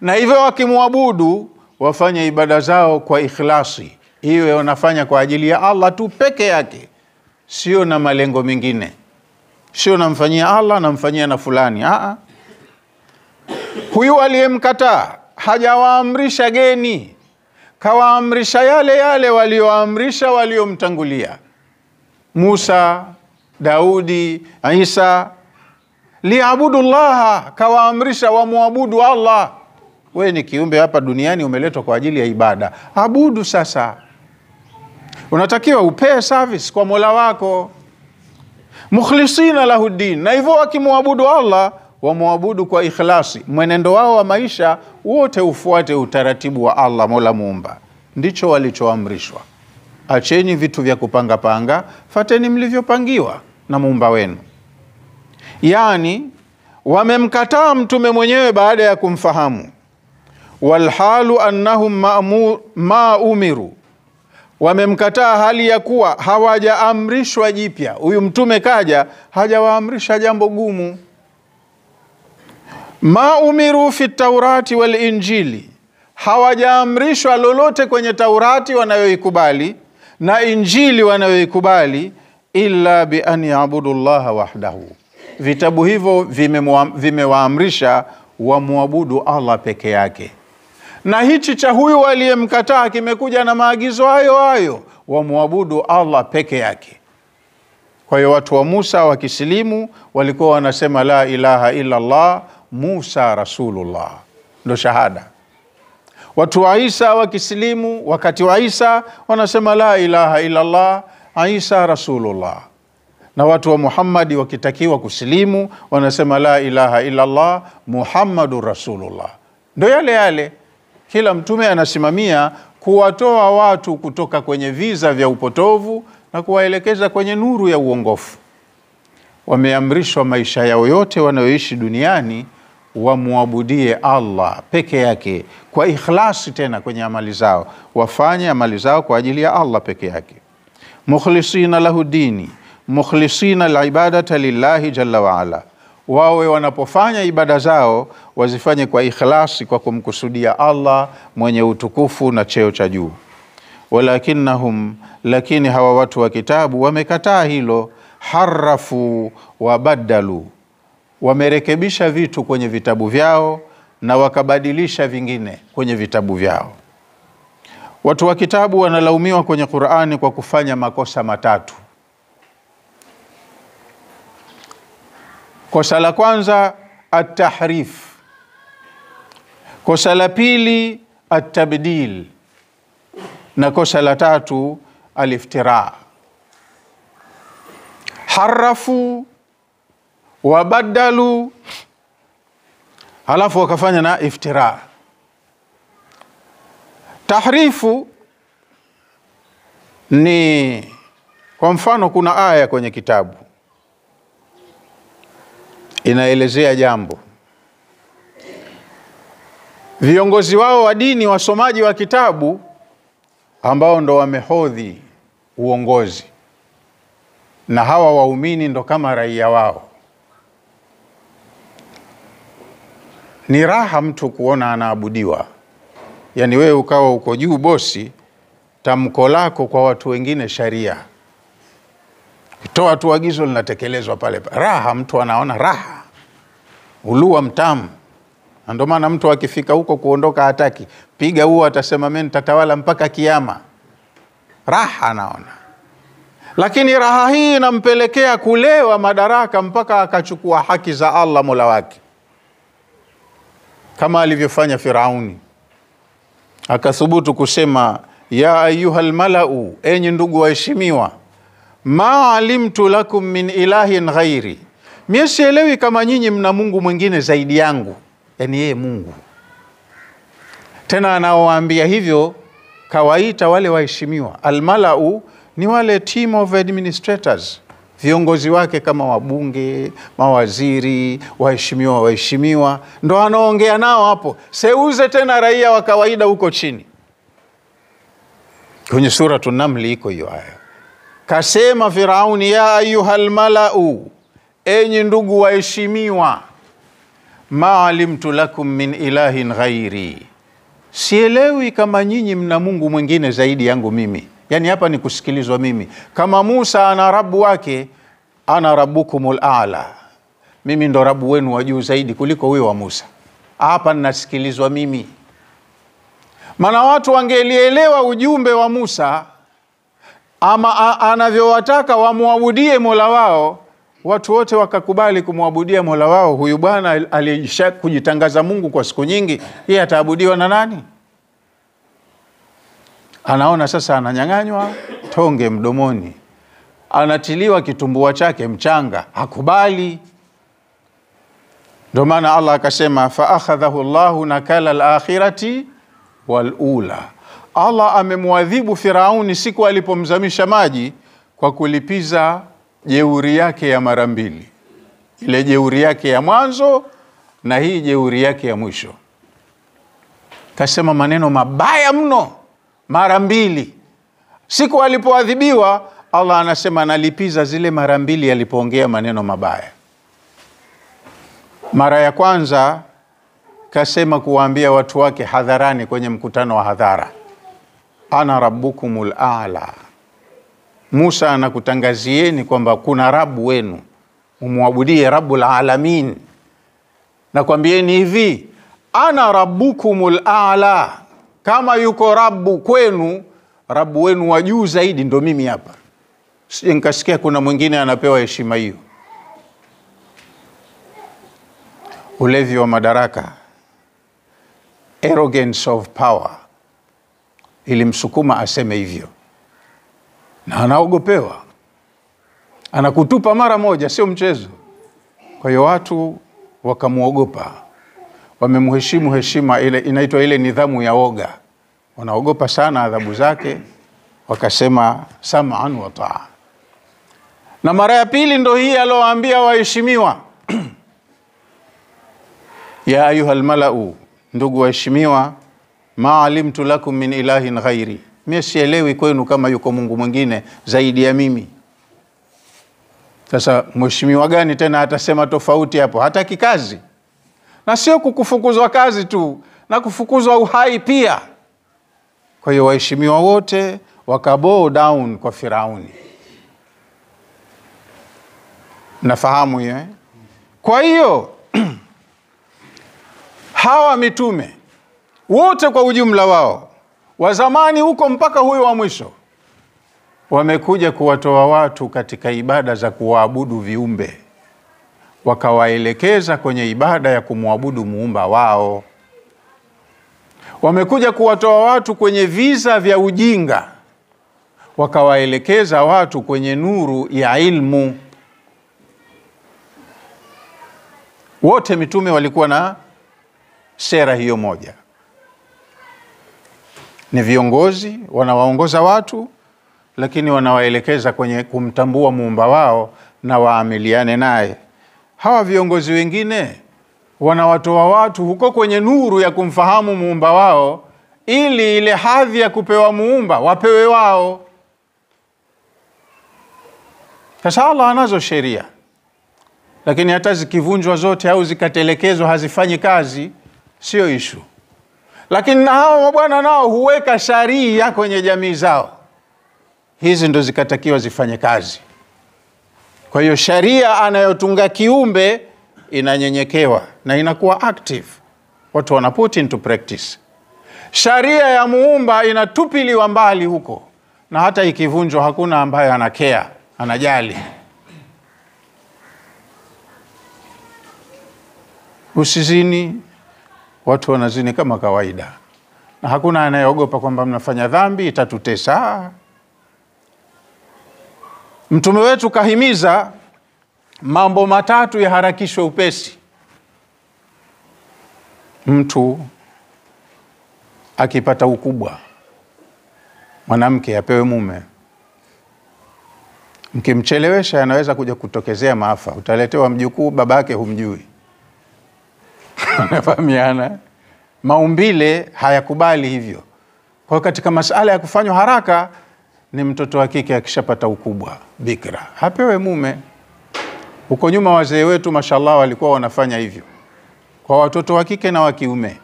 na hivyo wakimwabudu wafanye ibada zao kwa ikhlasi, iwe wanafanya kwa ajili ya Allah tu peke yake sio na malengo mengine, sio namfanyia Allah, namfanyia na fulani. Aa, ah, ah. huyu aliyemkataa hajawaamrisha geni, kawaamrisha yale yale walioamrisha waliomtangulia Musa, Daudi, Isa. Liabudu llaha, kawaamrisha wamwabudu Allah. Wewe ni kiumbe hapa duniani, umeletwa kwa ajili ya ibada, abudu sasa unatakiwa upee service kwa mola wako mukhlisina lahu din, na hivyo wakimwabudu Allah wamwabudu kwa ikhlasi, mwenendo wao wa maisha wote ufuate utaratibu wa Allah mola muumba. Ndicho walichoamrishwa. Acheni vitu vya kupangapanga, fateni mlivyopangiwa na muumba wenu. yani wamemkataa mtume mwenyewe baada ya kumfahamu. Walhalu annahum ma umiru wamemkataa hali ya kuwa hawajaamrishwa jipya. Huyu mtume kaja, hajawaamrisha jambo gumu. Ma umiru fi taurati wal injili, hawajaamrishwa lolote kwenye Taurati wanayoikubali na Injili wanayoikubali, illa bi an llaha wahdahu. Vitabu hivyo vimewaamrisha vime wamwabudu Allah peke yake na hichi cha huyu aliyemkataa kimekuja na maagizo hayo hayo, wamwabudu Allah peke yake. Kwa hiyo watu wa Musa wakisilimu walikuwa wanasema la ilaha illa Allah, Musa rasulullah, ndo shahada. Watu wa Isa wakisilimu wakati wa Isa wanasema la ilaha illa Allah, Isa rasulullah na watu wa Muhammadi wakitakiwa kusilimu wanasema la ilaha illa Allah muhammadu rasulullah, ndo yale yale kila mtume anasimamia kuwatoa watu kutoka kwenye viza vya upotovu na kuwaelekeza kwenye nuru ya uongofu. Wameamrishwa maisha yao yote wanayoishi duniani wamwabudie Allah peke yake kwa ikhlasi, tena kwenye amali zao, wafanye amali zao kwa ajili ya Allah peke yake, mukhlisina lahu dini, mukhlisina libadata lillahi jalla waala wawe wanapofanya ibada zao wazifanye kwa ikhlasi, kwa kumkusudia Allah mwenye utukufu na cheo cha juu. walakinahum lakini hawa watu wa kitabu wamekataa hilo. Harafu wabaddalu, wamerekebisha vitu kwenye vitabu vyao na wakabadilisha vingine kwenye vitabu vyao. Watu wa kitabu wanalaumiwa kwenye Qur'ani kwa kufanya makosa matatu. Kosa la kwanza atahrif, kosa la pili atabdil, na kosa la tatu aliftira. Harafu wabadalu, halafu wakafanya na iftira. Tahrifu ni kwa mfano, kuna aya kwenye kitabu inaelezea jambo. Viongozi wao wa dini, wasomaji wa kitabu ambao ndo wamehodhi uongozi, na hawa waumini ndo kama raia wao. Ni raha mtu kuona anaabudiwa, yaani wewe ukawa uko juu bosi, tamko lako kwa watu wengine sharia, toa tu agizo linatekelezwa pale. Raha, mtu anaona raha ulua mtamu, na ndio maana mtu akifika huko kuondoka hataki. Piga huo, atasema mimi nitatawala mpaka kiama. Raha anaona, lakini raha hii inampelekea kulewa madaraka mpaka akachukua haki za Allah mola wake, kama alivyofanya Firauni akathubutu kusema ya ayuha lmalau, enyi ndugu waheshimiwa, ma alimtu lakum min ilahin ghairi mie sielewi kama nyinyi mna Mungu mwingine zaidi yangu, yaani yeye Mungu. Tena anaowaambia hivyo, kawaita wale waheshimiwa. Almalau ni wale team of administrators, viongozi wake kama wabunge, mawaziri, waheshimiwa, waheshimiwa, ndo anaongea nao hapo. Seuze tena raia wa kawaida huko chini. Kwenye Suratu tunamli iko hiyo aya, kasema Firauni, ya ayuha lmalau enyi ndugu waheshimiwa, ma alimtu lakum min ilahin ghairi, sielewi kama nyinyi mna Mungu mwingine zaidi yangu mimi. Yani hapa ni kusikilizwa mimi. Kama Musa ana rabu wake, ana rabukum ala, mimi ndo rabu wenu wa juu zaidi kuliko huyo wa Musa. Hapa nnasikilizwa mimi, maana watu wangelielewa ujumbe wa Musa ama anavyowataka wamwabudie mola wao watu wote wakakubali kumwabudia mola wao, huyu bwana alisha kujitangaza Mungu kwa siku nyingi, yeye ataabudiwa na nani? Anaona sasa ananyang'anywa tonge mdomoni, anatiliwa kitumbua chake mchanga, hakubali. Ndio maana Allah akasema, faakhadhahu llahu nakala lakhirati walula, Allah amemwadhibu Firauni siku alipomzamisha maji kwa kulipiza jeuri yake ya mara mbili, ile jeuri yake ya mwanzo na hii jeuri yake ya mwisho. Kasema maneno mabaya mno mara mbili. Siku alipoadhibiwa, Allah anasema analipiza zile mara mbili alipoongea maneno mabaya. Mara ya kwanza kasema kuwaambia watu wake hadharani kwenye mkutano wa hadhara, ana rabbukumul a'la Musa anakutangazieni kwamba kuna rabu wenu, mumwabudie Rabbul Alamin. Nakwambieni hivi, ana rabbukumul ala, kama yuko rabu kwenu, rabu wenu wa juu zaidi ndo mimi hapa. Sije nikasikia kuna mwingine anapewa heshima hiyo. Ulevi wa madaraka, arrogance of power, ilimsukuma aseme hivyo na anaogopewa, anakutupa mara moja, sio mchezo. Kwa hiyo watu wakamwogopa, wamemheshimu heshima ile, inaitwa ile nidhamu ya woga. Wanaogopa sana adhabu zake, wakasema sam'an wa taa. Na mara ya pili ndo hii aliowaambia waheshimiwa ya ayuha lmalau, ndugu waheshimiwa, ma alimtu lakum min ilahin ghairi mie sielewi kwenu kama yuko Mungu mwingine zaidi ya mimi. Sasa mheshimiwa gani tena atasema tofauti hapo? Hata kikazi, na sio kukufukuzwa kazi tu, na kufukuzwa uhai pia. Kwa hiyo waheshimiwa wote wakabow down kwa Firauni. nafahamu hiyo eh? Kwa hiyo hawa mitume wote kwa ujumla wao wa zamani huko mpaka huyo wa mwisho wamekuja kuwatoa watu katika ibada za kuwaabudu viumbe wakawaelekeza kwenye ibada ya kumwabudu muumba wao wamekuja kuwatoa watu kwenye visa vya ujinga wakawaelekeza watu kwenye nuru ya ilmu wote mitume walikuwa na sera hiyo moja ni viongozi wanawaongoza watu, lakini wanawaelekeza kwenye kumtambua muumba wao na waamiliane naye. Hawa viongozi wengine wanawatoa watu huko kwenye nuru ya kumfahamu muumba wao, ili ile hadhi ya kupewa muumba wapewe wao. Sasa Allah anazo sheria, lakini hata zikivunjwa zote au zikatelekezwa hazifanyi kazi, sio ishu lakini na hao mabwana nao huweka sharia kwenye jamii zao. Hizi ndo zikatakiwa zifanye kazi. Kwa hiyo sharia anayotunga kiumbe inanyenyekewa na inakuwa active, watu wana put into practice. Sharia ya muumba inatupiliwa mbali huko, na hata ikivunjwa hakuna ambaye anakea, anajali. Usizini, watu wanazini kama kawaida, na hakuna anayeogopa kwamba mnafanya dhambi itatutesa. Mtume wetu kahimiza mambo matatu yaharakishwe upesi. Mtu akipata ukubwa, mwanamke apewe mume. Mkimchelewesha, anaweza kuja kutokezea maafa, utaletewa mjukuu, babake humjui Unafahamiana? Maumbile hayakubali hivyo. kwao katika masala ya kufanywa haraka ni mtoto wa kike akishapata ukubwa, bikra hapewe mume. Huko nyuma wazee wetu mashallah walikuwa wanafanya hivyo kwa watoto wa kike na wa kiume.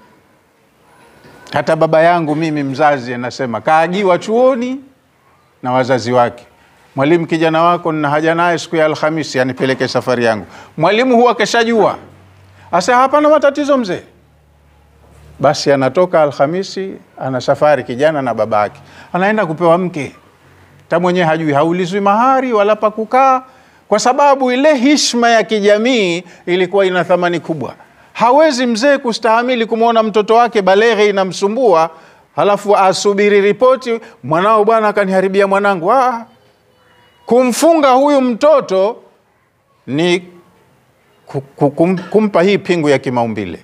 Hata baba yangu mimi mzazi anasema kaagiwa chuoni na wazazi wake, mwalimu, kijana wako nina haja naye siku ya Alhamisi anipeleke safari yangu. Mwalimu huwa keshajua Asa hapana matatizo mzee. Basi anatoka Alhamisi, ana safari kijana na babake, anaenda kupewa mke ta hajui, haulizwi mahari wala pa kukaa, kwa sababu ile hishma ya kijamii ilikuwa ina thamani kubwa. Hawezi mzee kustahamili kumwona mtoto wake balehe inamsumbua, halafu asubiri ripoti, mwanao bwana akaniharibia mwanangu. Ah, kumfunga huyu mtoto ni kum, kumpa hii pingu ya kimaumbile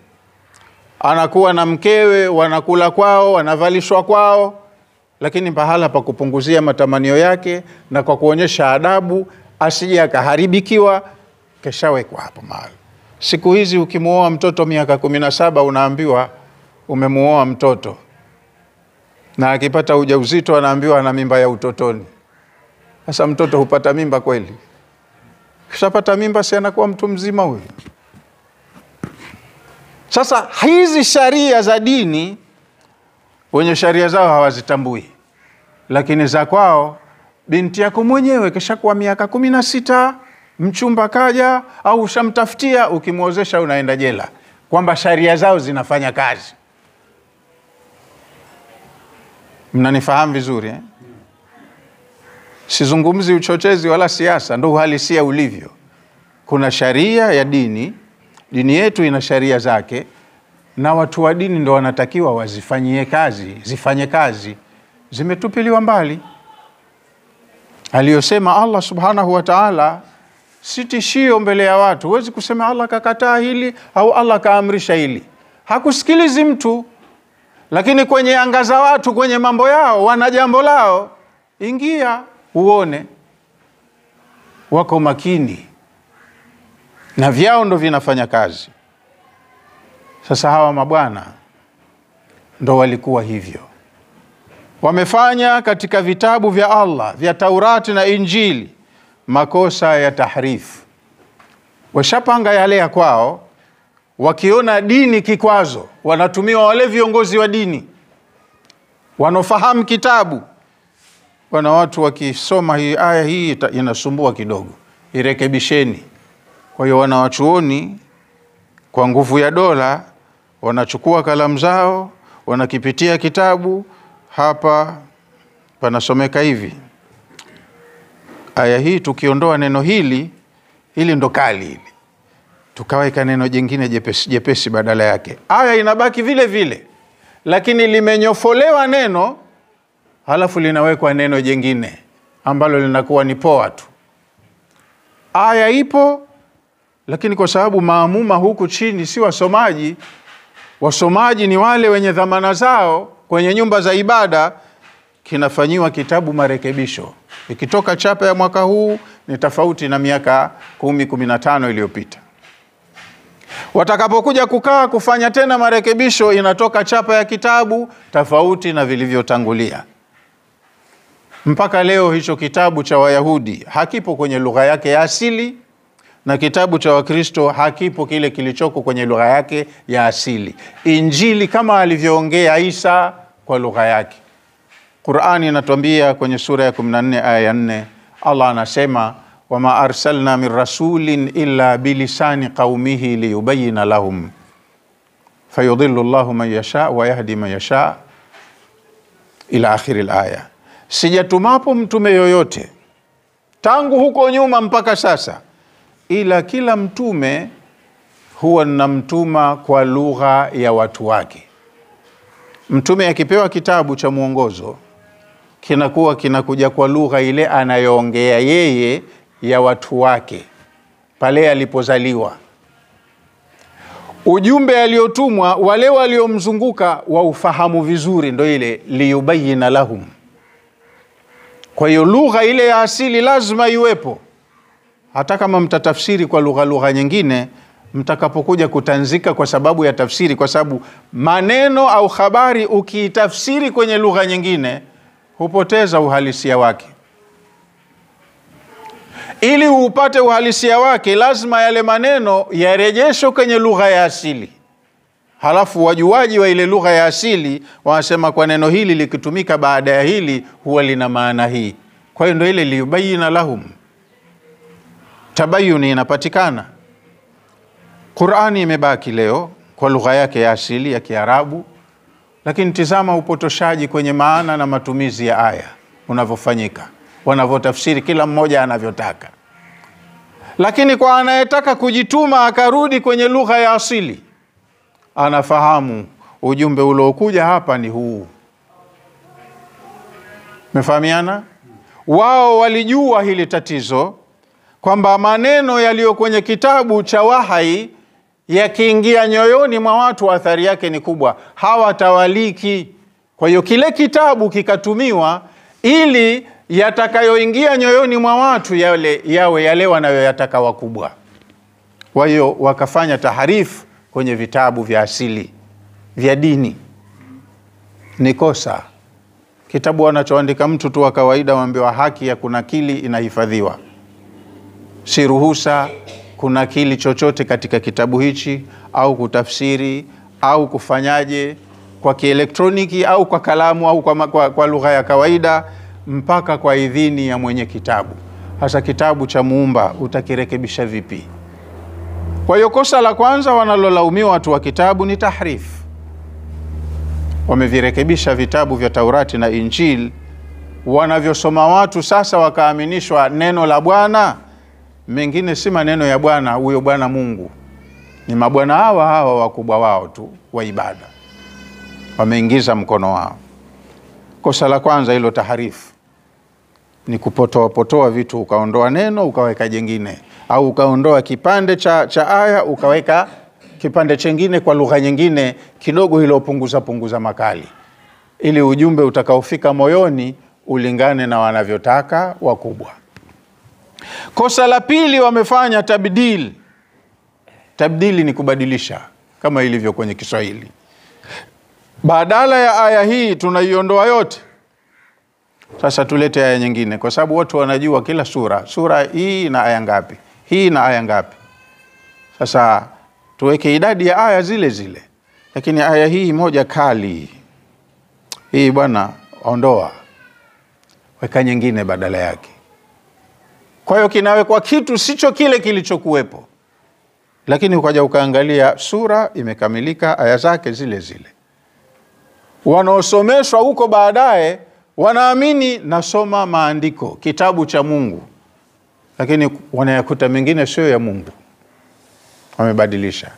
anakuwa na mkewe wanakula kwao wanavalishwa kwao lakini pahala pa kupunguzia matamanio yake na kwa kuonyesha adabu asije akaharibikiwa keshawekwa hapo mahali siku hizi ukimuoa mtoto miaka kumi na saba unaambiwa umemuoa mtoto na akipata ujauzito anaambiwa ana mimba ya utotoni sasa mtoto hupata mimba kweli kishapata mimba, si anakuwa mtu mzima huyu? Sasa hizi sharia za dini wenye sharia zao hawazitambui, lakini za kwao, binti yako mwenyewe kishakuwa miaka kumi na sita mchumba kaja au ushamtafutia, ukimwozesha unaenda jela, kwamba sharia zao zinafanya kazi. Mnanifahamu vizuri eh? Sizungumzi uchochezi wala siasa, ndo uhalisia ulivyo. Kuna sharia ya dini, dini yetu ina sharia zake, na watu wa dini ndo wanatakiwa wazifanyie kazi, zifanye kazi. Zimetupiliwa mbali. Aliyosema Allah subhanahu wa taala si tishio mbele ya watu. Huwezi kusema Allah kakataa hili au Allah kaamrisha hili, hakusikilizi mtu. Lakini kwenye anga za watu, kwenye mambo yao, wana jambo lao, ingia uone wako makini na vyao ndo vinafanya kazi. Sasa hawa mabwana ndo walikuwa hivyo, wamefanya katika vitabu vya Allah vya Taurati na Injili makosa ya tahrifu. Washapanga yale ya kwao, wakiona dini kikwazo, wanatumiwa wale viongozi wa dini wanaofahamu kitabu wana watu wakisoma hii aya hii inasumbua kidogo, irekebisheni. Kwa hiyo wanawachuoni kwa nguvu ya dola wanachukua kalamu zao, wanakipitia kitabu hapa panasomeka hivi aya hii, tukiondoa neno hili hili ndo kali hili, tukaweka neno jingine jepesi jepesi badala yake, aya inabaki vile vile, lakini limenyofolewa neno halafu linawekwa neno jengine ambalo linakuwa ni poa tu. Aya ipo, lakini kwa sababu maamuma huku chini si wasomaji, wasomaji ni wale wenye dhamana zao kwenye nyumba za ibada, kinafanyiwa kitabu marekebisho. Ikitoka chapa ya mwaka huu ni tofauti na miaka kumi, kumi na tano iliyopita. Watakapokuja kukaa kufanya tena marekebisho, inatoka chapa ya kitabu tofauti na vilivyotangulia. Mpaka leo hicho kitabu cha Wayahudi hakipo kwenye lugha yake ya asili na kitabu cha Wakristo hakipo kile kilichoko kwenye lugha yake ya asili. Injili kama alivyoongea Isa kwa lugha yake. Qurani inatuambia kwenye sura ya 14 aya ya 4, Allah anasema wama arsalna min rasulin illa bilisani qaumihi liyubayina lahum fayudhillu llahu man yasha wa yahdi man yasha ila akhiri laya sijatumapo mtume yoyote tangu huko nyuma mpaka sasa, ila kila mtume huwa namtuma kwa lugha ya watu wake. Mtume akipewa kitabu cha mwongozo kinakuwa kinakuja kwa lugha ile anayoongea yeye ya watu wake pale alipozaliwa. Ujumbe aliotumwa wale waliomzunguka waufahamu vizuri, ndo ile liyubayina lahum kwa hiyo lugha ile ya asili lazima iwepo hata kama mtatafsiri kwa lugha lugha nyingine mtakapokuja kutanzika kwa sababu ya tafsiri kwa sababu maneno au habari ukiitafsiri kwenye lugha nyingine hupoteza uhalisia wake ili uupate uhalisia wake lazima yale maneno yarejeshwe kwenye lugha ya asili Halafu wajuaji wa ile lugha ya asili wanasema kwa neno hili likitumika baada ya hili huwa lina maana hii. Kwa hiyo ndo ile liyubayina lahum, tabayuni inapatikana. Qurani imebaki leo kwa lugha yake ya asili ya Kiarabu, lakini tizama upotoshaji kwenye maana na matumizi ya aya unavyofanyika, wanavyotafsiri kila mmoja anavyotaka. Lakini kwa anayetaka kujituma akarudi kwenye lugha ya asili anafahamu ujumbe uliokuja hapa ni huu. Mefahamiana? Wao walijua hili tatizo kwamba maneno yaliyo kwenye kitabu cha wahai yakiingia nyoyoni mwa watu, athari yake ni kubwa, hawatawaliki. Kwa hiyo kile kitabu kikatumiwa ili yatakayoingia nyoyoni mwa watu yale yawe yale wanayoyataka wakubwa. Kwa hiyo wakafanya taharifu kwenye vitabu vya asili vya dini ni kosa. Kitabu anachoandika mtu tu wa kawaida, waambiwa haki ya kunakili inahifadhiwa, si ruhusa kunakili chochote katika kitabu hichi au kutafsiri au kufanyaje kwa kielektroniki au kwa kalamu au kwa, kwa, kwa lugha ya kawaida mpaka kwa idhini ya mwenye kitabu. Hasa kitabu cha Muumba utakirekebisha vipi? Kwa hiyo kosa la kwanza wanalolaumiwa watu wa kitabu ni tahrif. Wamevirekebisha vitabu vya Taurati na Injili wanavyosoma watu sasa, wakaaminishwa neno la Bwana mengine si maneno ya Bwana huyo Bwana Mungu, ni mabwana hawa hawa wakubwa wao tu wa ibada, wameingiza mkono wao. Kosa la kwanza hilo, taharifu, ni kupotoapotoa vitu, ukaondoa neno ukaweka jengine au ukaondoa kipande cha, cha aya ukaweka kipande chengine kwa lugha nyingine kidogo, iliopunguza punguza makali, ili ujumbe utakaofika moyoni ulingane na wanavyotaka wakubwa. Kosa la pili wamefanya tabdil. Tabdili ni kubadilisha, kama ilivyo kwenye Kiswahili. Badala ya aya hii tunaiondoa yote, sasa tulete aya nyingine, kwa sababu watu wanajua kila sura, sura hii na aya ngapi hii na aya ngapi? Sasa tuweke idadi ya aya zile zile, lakini aya hii moja kali hii, bwana, ondoa, weka nyingine badala yake. Kwa hiyo kinawekwa kitu sicho kile kilichokuwepo, lakini ukaja ukaangalia sura imekamilika, aya zake zile zile. Wanaosomeshwa huko baadaye wanaamini nasoma maandiko, kitabu cha Mungu lakini wanayakuta mengine sio ya Mungu, wamebadilisha.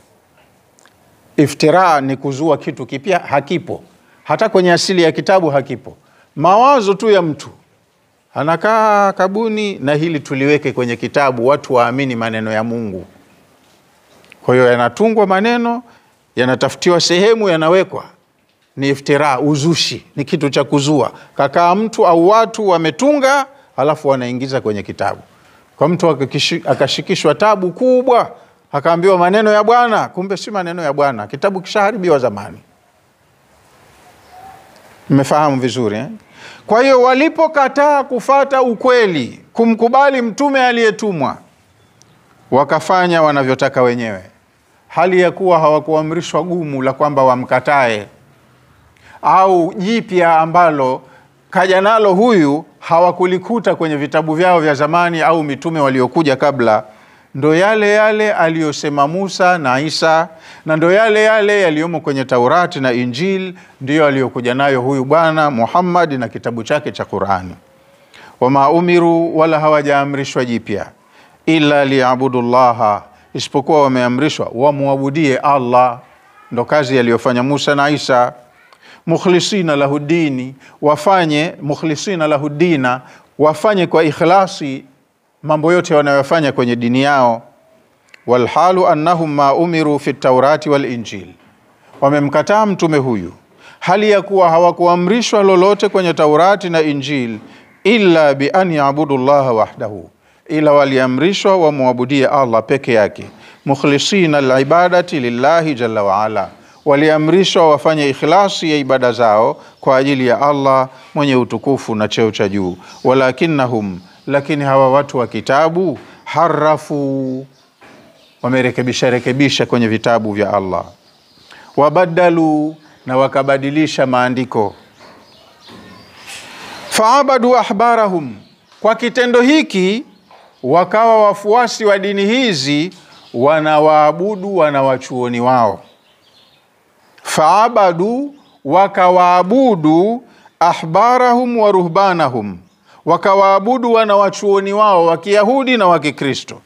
Iftiraa ni kuzua kitu kipya, hakipo hata kwenye asili ya kitabu, hakipo. Mawazo tu ya mtu anakaa kabuni, na hili tuliweke kwenye kitabu, watu waamini maneno ya Mungu. Kwa hiyo yanatungwa maneno, yanatafutiwa sehemu, yanawekwa ni iftira, uzushi, ni kitu cha kuzua. Kakaa mtu au watu wametunga, alafu wanaingiza kwenye kitabu kwa mtu akashikishwa tabu kubwa akaambiwa maneno ya bwana kumbe si maneno ya bwana kitabu kishaharibiwa zamani mmefahamu vizuri eh? kwa hiyo walipokataa kufata ukweli kumkubali mtume aliyetumwa wakafanya wanavyotaka wenyewe hali ya kuwa hawakuamrishwa gumu la kwamba wamkatae au jipya ambalo kaja nalo huyu hawakulikuta kwenye vitabu vyao vya zamani au mitume waliokuja kabla ndo yale yale aliyosema Musa na Isa na ndo yale yale yaliyomo kwenye Taurati na Injili ndiyo aliyokuja nayo huyu bwana Muhammad na kitabu chake cha Qurani. Wama umiru, wala hawajaamrishwa jipya, ila liyabudu llaha, isipokuwa wameamrishwa wamwabudie Allah. Ndo kazi aliyofanya Musa na Isa mukhlisina dini, wafanye mukhlisina dina, wafanye kwa ikhlasi mambo yote wanayofanya kwenye dini yao walhalu annahum ma umiru fi taurati wal injil wamemkataa mtume huyu hali ya kuwa hawakuamrishwa lolote kwenye taurati na injil illa bi an yaabudu llaha wahdahu ila waliamrishwa wamwabudie allah peke yake mukhlisina libadati lillahi jalla waala waliamrishwa wafanye ikhlasi ya ibada zao kwa ajili ya Allah mwenye utukufu na cheo cha juu. walakinahum lakini hawa watu wa kitabu, harafu, wamerekebisha rekebisha kwenye vitabu vya Allah, wabadalu, na wakabadilisha maandiko, faabadu ahbarahum, kwa kitendo hiki wakawa wafuasi wa dini hizi wanawaabudu wanawachuoni wao faabadu, wakawaabudu ahbarahum wa ruhbanahum, wakawaabudu wanawachuoni wao wa Kiyahudi na wa Kikristo,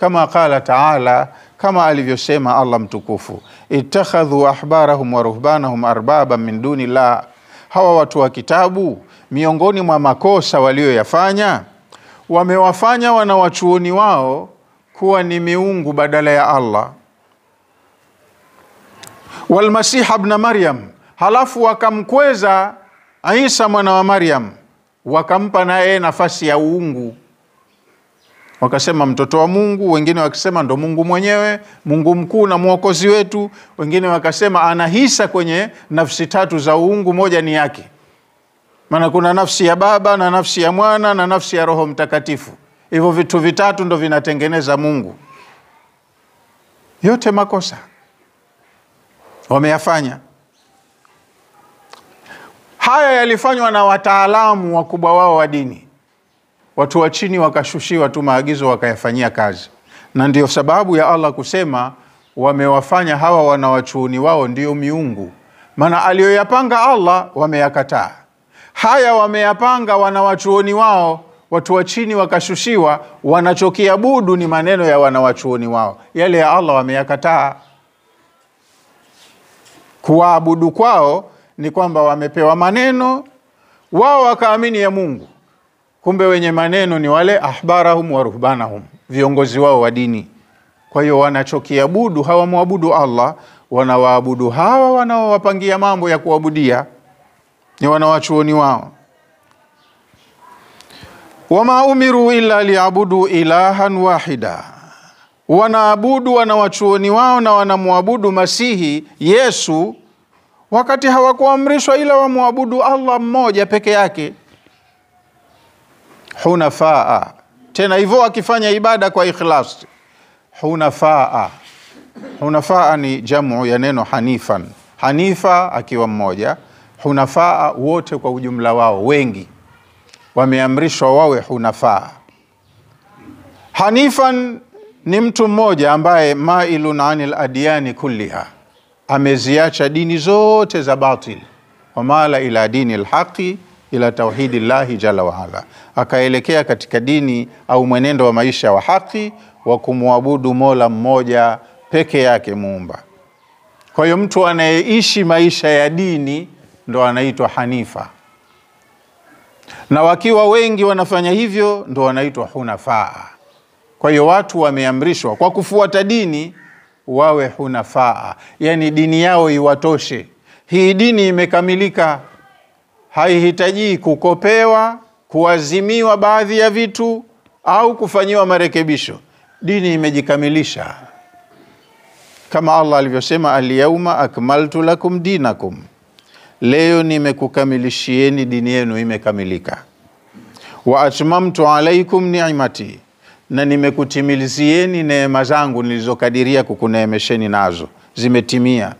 kama qala taala, kama alivyosema Allah mtukufu, ittakhadhu ahbarahum wa ruhbanahum arbaban min duni llah, hawa watu wa kitabu miongoni mwa makosa walioyafanya wamewafanya wanawachuoni wao kuwa ni miungu badala ya Allah walmasiha bna Maryam, halafu wakamkweza Isa mwana wa Maryam, wakampa naye nafasi ya uungu, wakasema mtoto wa Mungu, wengine wakisema ndo Mungu mwenyewe, Mungu mkuu na mwokozi wetu, wengine wakasema ana hisa kwenye nafsi tatu za uungu, moja ni yake maana kuna nafsi ya Baba na nafsi ya Mwana na nafsi ya Roho Mtakatifu. Hivyo vitu vitatu ndo vinatengeneza Mungu. Yote makosa wameyafanya haya yalifanywa na wataalamu wakubwa wao wa dini watu wa chini wakashushiwa tu maagizo wakayafanyia kazi na ndio sababu ya allah kusema wamewafanya hawa wanawachuoni wao ndio miungu maana aliyoyapanga allah wameyakataa haya wameyapanga wanawachuoni wao watu wa chini wakashushiwa wanachokiabudu ni maneno ya wanawachuoni wao yale ya allah wameyakataa Kuwaabudu kwao ni kwamba wamepewa maneno wao wakaamini ya Mungu, kumbe wenye maneno ni wale ahbarahum wa ruhbanahum, viongozi wao wa dini. Kwa hiyo wanachokiabudu hawamwabudu Allah, wanawaabudu hawa wanaowapangia mambo ya kuabudia, ni wanawachuoni wao wama umiru illa liabuduu ilahan wahida wanaabudu wanawachuoni wao na wanamwabudu Masihi Yesu wakati hawakuamrishwa ila wamwabudu Allah mmoja peke yake, hunafaa. Tena hivyo wakifanya ibada kwa ikhlasi, hunafaa. Hunafaa ni jamu ya neno hanifan, hanifa akiwa mmoja, hunafaa wote kwa ujumla wao, wengi wameamrishwa wawe hunafaa hanifan ni mtu mmoja ambaye mailun anil adyani kulliha, ameziacha dini zote za batil, wamala ila dini lhaqi ila tauhidi llahi jalla waala, akaelekea katika dini au mwenendo wa maisha wa haqi wa kumwabudu mola mmoja peke yake muumba. Kwa hiyo mtu anayeishi maisha ya dini ndo anaitwa hanifa, na wakiwa wengi wanafanya hivyo ndo wanaitwa hunafaa. Kwa hiyo watu wameamrishwa kwa kufuata dini wawe hunafaa, yani dini yao iwatoshe. Hii dini imekamilika, haihitaji kukopewa, kuazimiwa baadhi ya vitu au kufanyiwa marekebisho. Dini imejikamilisha kama Allah alivyosema, alyauma akmaltu lakum dinakum, leo nimekukamilishieni dini yenu, imekamilika. Wa atmamtu alaikum ni'mati na nimekutimilizieni neema zangu nilizokadiria kukuneemesheni nazo zimetimia.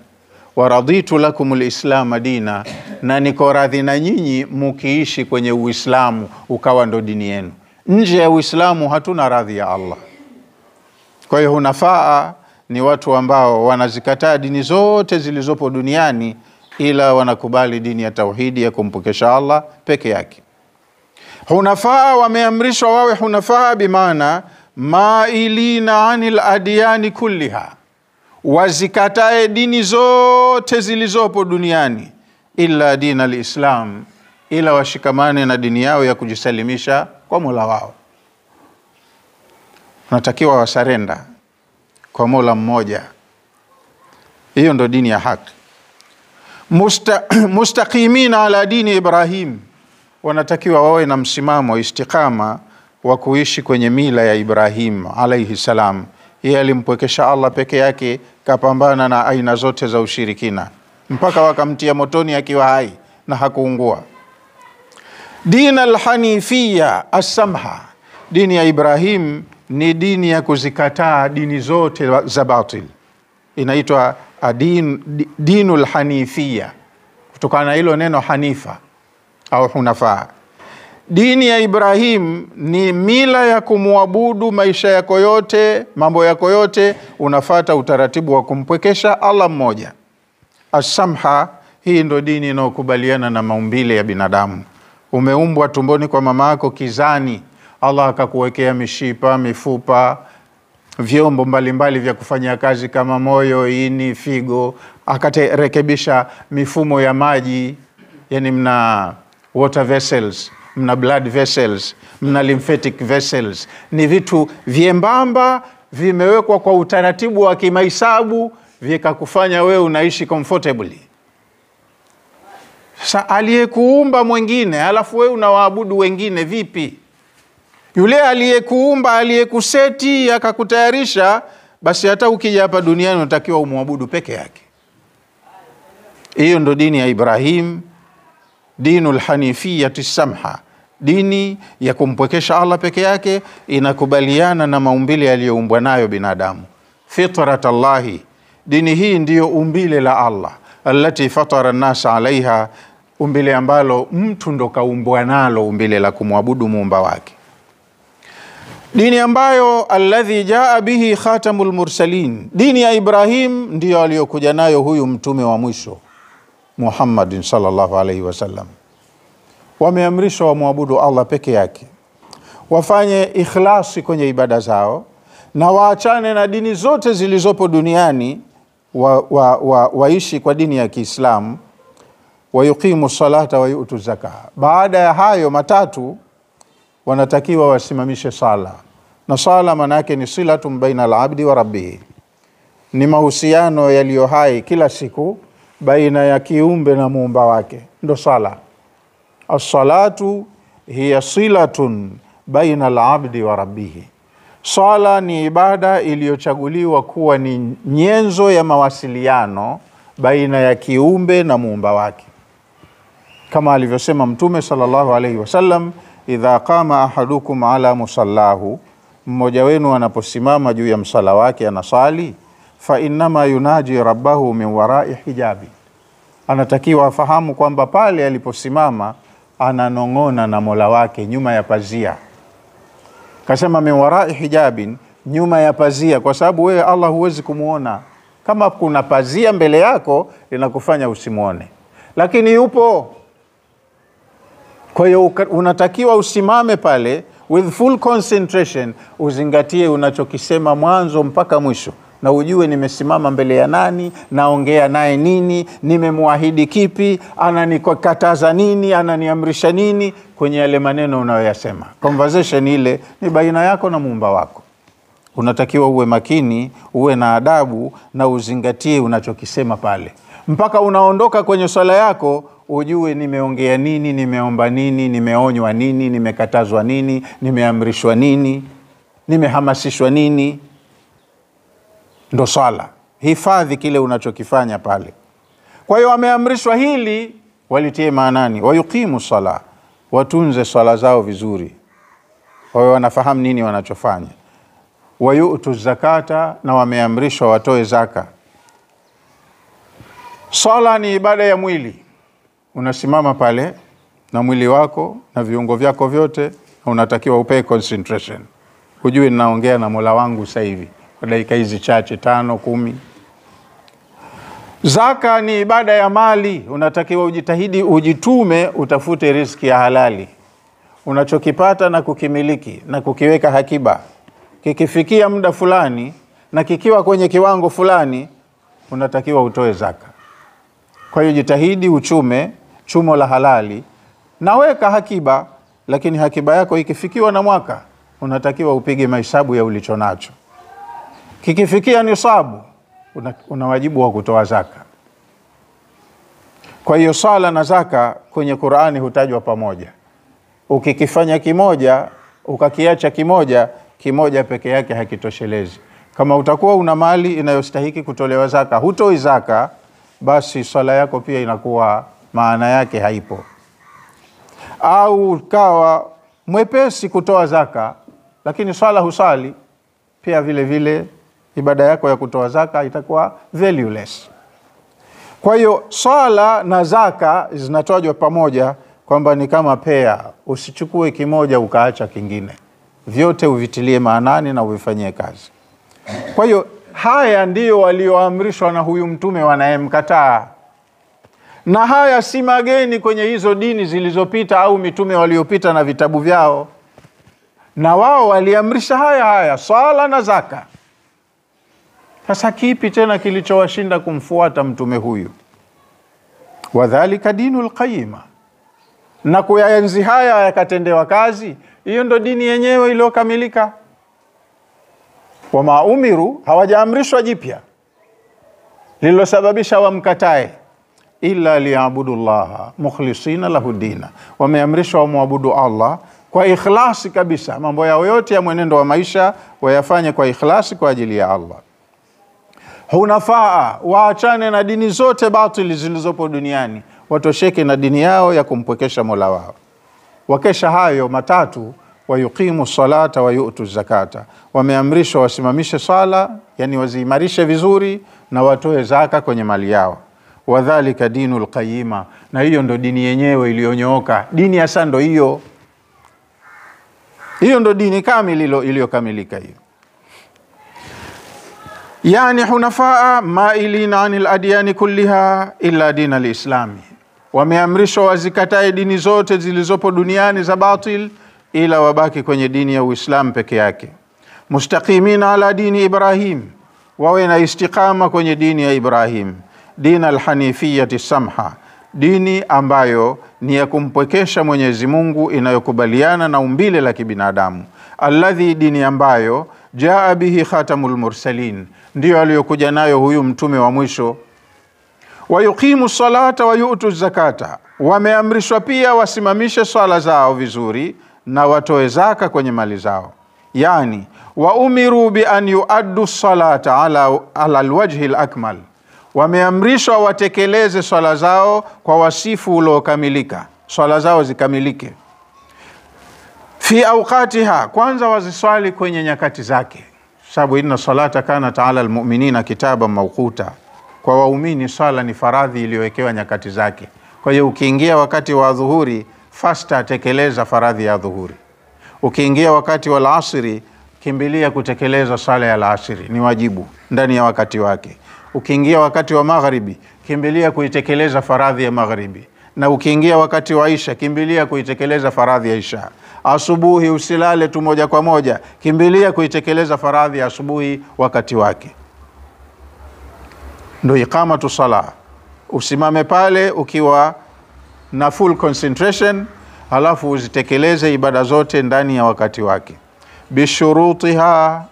waraditu lakum lislama dina, na niko radhi na nyinyi mukiishi kwenye Uislamu ukawa ndo dini yenu. Nje ya Uislamu hatuna radhi ya Allah. Kwa hiyo hunafaa ni watu ambao wanazikataa dini zote zilizopo duniani, ila wanakubali dini ya tauhidi ya kumpokesha Allah peke yake hunafaa wameamrishwa wawe hunafaa bimaana mailina anil adyani kulliha, wazikatae dini zote zilizopo duniani, illa dina lislam, ila washikamane na dini yao ya kujisalimisha kwa mola wao. Unatakiwa wasarenda kwa mola mmoja, hiyo ndo dini ya haki. Musta, mustaqimina ala dini Ibrahim wanatakiwa wawe na msimamo istiqama wa kuishi kwenye mila ya Ibrahim alaihi salam. Yeye alimpwekesha Allah peke yake, kapambana na aina zote za ushirikina mpaka wakamtia motoni akiwa hai na hakuungua. Dina alhanifia assamha, dini ya Ibrahim ni dini ya kuzikataa dini zote za batil, inaitwa dinu lhanifia kutokana na hilo neno hanifa au hunafaa. Dini ya Ibrahim ni mila ya kumwabudu maisha yako yote, mambo yako yote, unafata utaratibu wa kumpwekesha Allah mmoja. asamha. hii ndo dini inayokubaliana na maumbile ya binadamu. Umeumbwa tumboni kwa mama yako kizani, Allah akakuwekea mishipa, mifupa, vyombo mbalimbali mbali vya kufanya kazi kama moyo, ini, figo, akarekebisha mifumo ya maji, yani mna water vessels, mna blood vessels, mna lymphatic vessels. Ni vitu vyembamba vimewekwa kwa utaratibu wa kimahesabu vikakufanya wewe unaishi comfortably. Sa aliyekuumba mwingine, alafu wewe unawaabudu wengine vipi? Yule aliyekuumba aliyekuseti akakutayarisha, basi hata ukija hapa duniani unatakiwa umwabudu peke yake. Hiyo ndo dini ya Ibrahim, dinu lhanifiyati samha, dini ya kumpwekesha Allah peke yake inakubaliana na maumbile yaliyoumbwa nayo binadamu. Fitrat llahi dini hii ndiyo umbile la Allah, allati fatara nnasa alaiha, umbile ambalo mtu ndo kaumbwa nalo, umbile la kumwabudu muumba wake dini ambayo alladhi jaa bihi khatamu lmursalin, dini ya Ibrahim ndiyo aliyokuja nayo huyu mtume wa mwisho Muhammadin sallallahu alaihi wasallam. Wameamrishwa wamwabudu Allah peke yake, wafanye ikhlasi kwenye ibada zao na waachane na dini zote zilizopo duniani, wa, wa, wa, waishi kwa dini ya Kiislamu. Wayuqimu salata wayutu zaka. Baada ya hayo matatu, wanatakiwa wasimamishe sala, na sala maana yake ni silatun baina alabdi wa rabbihi, ni mahusiano yaliyo hai kila siku baina ya kiumbe na muumba wake, ndo sala. Assalatu hiya silatun baina labdi wa rabbihi, sala ni ibada iliyochaguliwa kuwa ni nyenzo ya mawasiliano baina ya kiumbe na muumba wake, kama alivyosema Mtume sallallahu alaihi wasallam, idha qama ahadukum ala musallahu, mmoja wenu anaposimama juu ya msala wake anasali fa innama yunaji rabbahu min warai hijabi, anatakiwa afahamu kwamba pale aliposimama ananong'ona na mola wake nyuma ya pazia. Kasema min warai hijabin, nyuma ya pazia, kwa sababu wewe Allah huwezi kumwona. Kama kuna pazia mbele yako linakufanya usimwone, lakini yupo. Kwa hiyo unatakiwa usimame pale with full concentration, uzingatie unachokisema mwanzo mpaka mwisho na ujue nimesimama mbele ya nani, naongea naye nini, nimemwahidi kipi, ananikataza nini, ananiamrisha nini kwenye yale maneno unayoyasema. Conversation ile ni baina yako na muumba wako. Unatakiwa uwe makini, uwe na adabu na uzingatie unachokisema pale, mpaka unaondoka kwenye swala yako ujue nimeongea nini, nimeomba nini, nimeonywa nini, nimekatazwa nini, nimeamrishwa nini, nimehamasishwa nini ndo swala. Hifadhi kile unachokifanya pale. Kwa hiyo wameamrishwa hili walitie maanani, wayuqimu sala, watunze swala zao vizuri. Kwa hiyo wanafahamu nini wanachofanya. Wayutu zakata, na wameamrishwa watoe zaka. Swala ni ibada ya mwili, unasimama pale na mwili wako na viungo vyako vyote, na unatakiwa upee concentration, hujui ninaongea na mola wangu sasa hivi kwa dakika hizi chache tano kumi. Zaka ni ibada ya mali, unatakiwa ujitahidi, ujitume, utafute riski ya halali unachokipata na kukimiliki na kukiweka hakiba. Kikifikia muda fulani na kikiwa kwenye kiwango fulani, unatakiwa utoe zaka. Kwa hiyo jitahidi uchume chumo la halali, naweka hakiba, lakini hakiba yako ikifikiwa na mwaka, unatakiwa upige mahesabu ya ulicho nacho kikifikia nisabu una, una wajibu wa kutoa zaka. Kwa hiyo sala na zaka kwenye Qur'ani hutajwa pamoja. Ukikifanya kimoja ukakiacha kimoja, kimoja peke yake hakitoshelezi. Kama utakuwa una mali inayostahiki kutolewa zaka, hutoi zaka, basi swala yako pia inakuwa maana yake haipo. Au ukawa mwepesi kutoa zaka, lakini swala husali pia vile vile ibada yako ya kutoa zaka itakuwa valueless. Kwa hiyo swala na zaka zinatajwa pamoja kwamba ni kama pea, usichukue kimoja ukaacha kingine, vyote uvitilie maanani na uvifanyie kazi. Kwa hiyo haya ndiyo walioamrishwa na huyu mtume wanayemkataa, na haya si mageni kwenye hizo dini zilizopita au mitume waliopita na vitabu vyao, na wao waliamrisha haya haya, swala na zaka. Sasa kipi tena kilichowashinda kumfuata mtume huyu? Wadhalika dinu lqayima, na kuyaenzi haya yakatendewa kazi, hiyo ndo dini yenyewe iliyokamilika. Wama umiru, hawajaamrishwa jipya lililosababisha wamkatae, illa liyabudu llaha mukhlisina lahu dina, wameamrishwa wamwabudu Allah kwa ikhlasi kabisa. Mambo yao yote ya mwenendo wa maisha wayafanye kwa ikhlasi kwa ajili ya Allah hunafaa, waachane na dini zote batili zilizopo duniani, watosheke na dini yao ya kumpwekesha mola wao. Wakesha hayo matatu, wayuqimu salata wayutu zakata, wameamrishwa wasimamishe sala, yani waziimarishe vizuri, na watoe zaka kwenye mali yao. Wadhalika dinu lqayima, na hiyo ndo dini yenyewe iliyonyooka. Dini hasa ndo hiyo hiyo, ndo dini kamili iliyokamilika hiyo yani hunafaa mailina anil adyani kulliha illa din alislami, wameamrishwa wazikatae dini zote zilizopo duniani za batil, ila wabaki kwenye dini ya Uislamu peke yake. Mustaqimina ala dini Ibrahim, wawe na istiqama kwenye dini ya Ibrahim, din alhanifiyati samha, dini ambayo ni ya kumpwekesha Mwenyezi Mungu, inayokubaliana na umbile la kibinadamu, alladhi, dini ambayo jaa bihi khatamul mursalin ndiyo aliyokuja nayo huyu mtume wa mwisho. Wayuqimu salata wayutu zakata, wameamrishwa pia wasimamishe swala zao vizuri na watoe zaka kwenye mali zao. Yani waumiru bi an yuaddu salata ala, ala alwajhi lakmal, wameamrishwa watekeleze swala zao kwa wasifu uliokamilika, swala zao zikamilike. Fi awqatiha, kwanza waziswali kwenye nyakati zake sababu inna salata kanat ala almu'minina kitaba mawquta, kwa waumini sala ni faradhi iliyowekewa nyakati zake. Kwa hiyo ukiingia wakati wa dhuhuri, fasta tekeleza faradhi ya dhuhuri. Ukiingia wakati wa alasiri, kimbilia kutekeleza sala ya alasiri, ni wajibu ndani ya wakati wake. Ukiingia wakati wa magharibi, kimbilia kuitekeleza faradhi ya magharibi, na ukiingia wakati wa isha, kimbilia kuitekeleza faradhi ya isha asubuhi usilale tu moja kwa moja, kimbilia kuitekeleza faradhi ya asubuhi wakati wake, ndo iqamatu sala. Usimame pale ukiwa na full concentration, halafu uzitekeleze ibada zote ndani ya wakati wake bishurutiha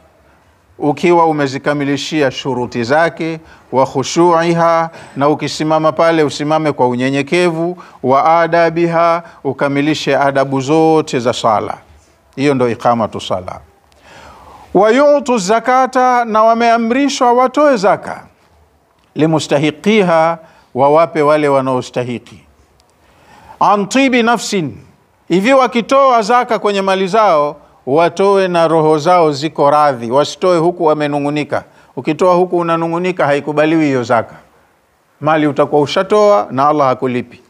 ukiwa umezikamilishia shuruti zake wa khushuiha, na ukisimama pale usimame kwa unyenyekevu, wa adabiha, ukamilishe adabu zote za sala. Hiyo ndo iqamatu sala. Wayutu zakata, na wameamrishwa watoe zaka, limustahiqiha, wawape wale wanaostahiki. An tibi nafsin, hivi wakitoa zaka kwenye mali zao watoe na roho zao ziko radhi, wasitoe huku wamenung'unika. Ukitoa huku unanung'unika, haikubaliwi hiyo zaka. Mali utakuwa ushatoa na Allah hakulipi.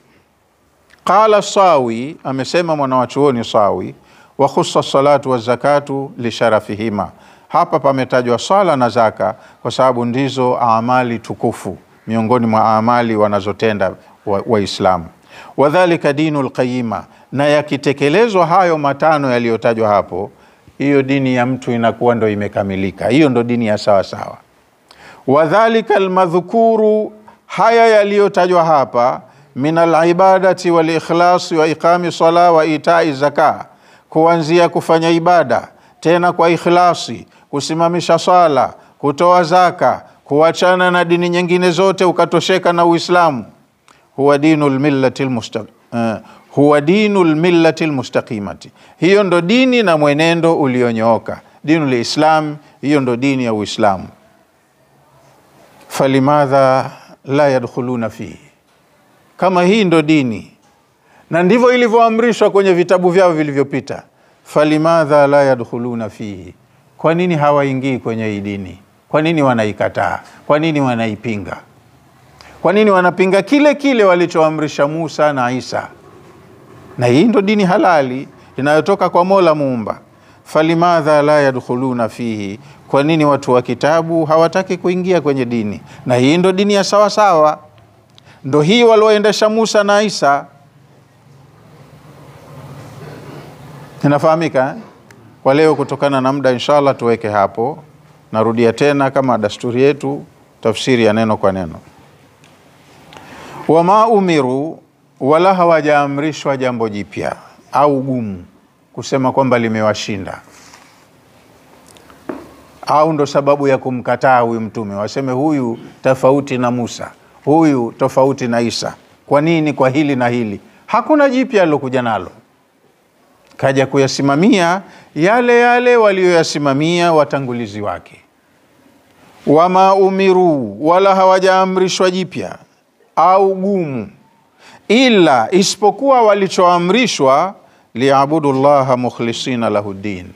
Qala Sawi, amesema mwanawachuoni Sawi, wa salatu wa zakatu lisharafihima. Hapa pametajwa sala na zaka kwa sababu ndizo amali tukufu miongoni mwa amali wanazotenda Waislamu wa wadhalika dinu lqayima na yakitekelezwa hayo matano yaliyotajwa hapo, hiyo dini ya mtu inakuwa ndo imekamilika. Hiyo ndo dini ya sawa sawa. Wadhalika almadhkuru, haya yaliyotajwa hapa, min alibadati walikhlasi wa iqami sala wa itai zaka, kuanzia kufanya ibada tena kwa ikhlasi, kusimamisha sala, kutoa zaka, kuachana na dini nyingine zote ukatosheka na Uislamu, huwa dinu lmillati lmustaqim eh, huwa dinu lmillati lmustaqimati, hiyo ndo dini na mwenendo ulionyooka. Dinu lislam, hiyo ndo dini ya Uislamu. Falimadha la yadkhuluna fihi, kama hii ndo dini na ndivyo ilivyoamrishwa kwenye vitabu vyao vilivyopita, falimadha la yadkhuluna fihi, kwa nini hawaingii kwenye hii dini? Kwa nini wanaikataa? Kwa nini wanaipinga? Kwa nini wanapinga kile kile walichoamrisha Musa na Isa? na hii ndo dini halali inayotoka kwa Mola Muumba. Falimadha la yadkhuluna fihi, kwa nini watu wa kitabu hawataki kuingia kwenye dini? Na hii ndo dini ya sawasawa, ndo hii walioendesha Musa na Isa. Inafahamika eh? Kwa leo kutokana na muda, inshallah tuweke hapo. Narudia tena kama dasturi yetu, tafsiri ya neno kwa neno, wama umiru wala hawajaamrishwa jambo jipya au gumu kusema kwamba limewashinda au ndo sababu ya kumkataa huyu mtume, waseme huyu tofauti na Musa, huyu tofauti na Isa. Kwa nini? Kwa hili na hili, hakuna jipya alilokuja nalo. Kaja kuyasimamia yale yale waliyoyasimamia watangulizi wake. Wama umiruu wala hawajaamrishwa jipya au gumu ila isipokuwa walichoamrishwa liabudu llaha mukhlisina lahu din,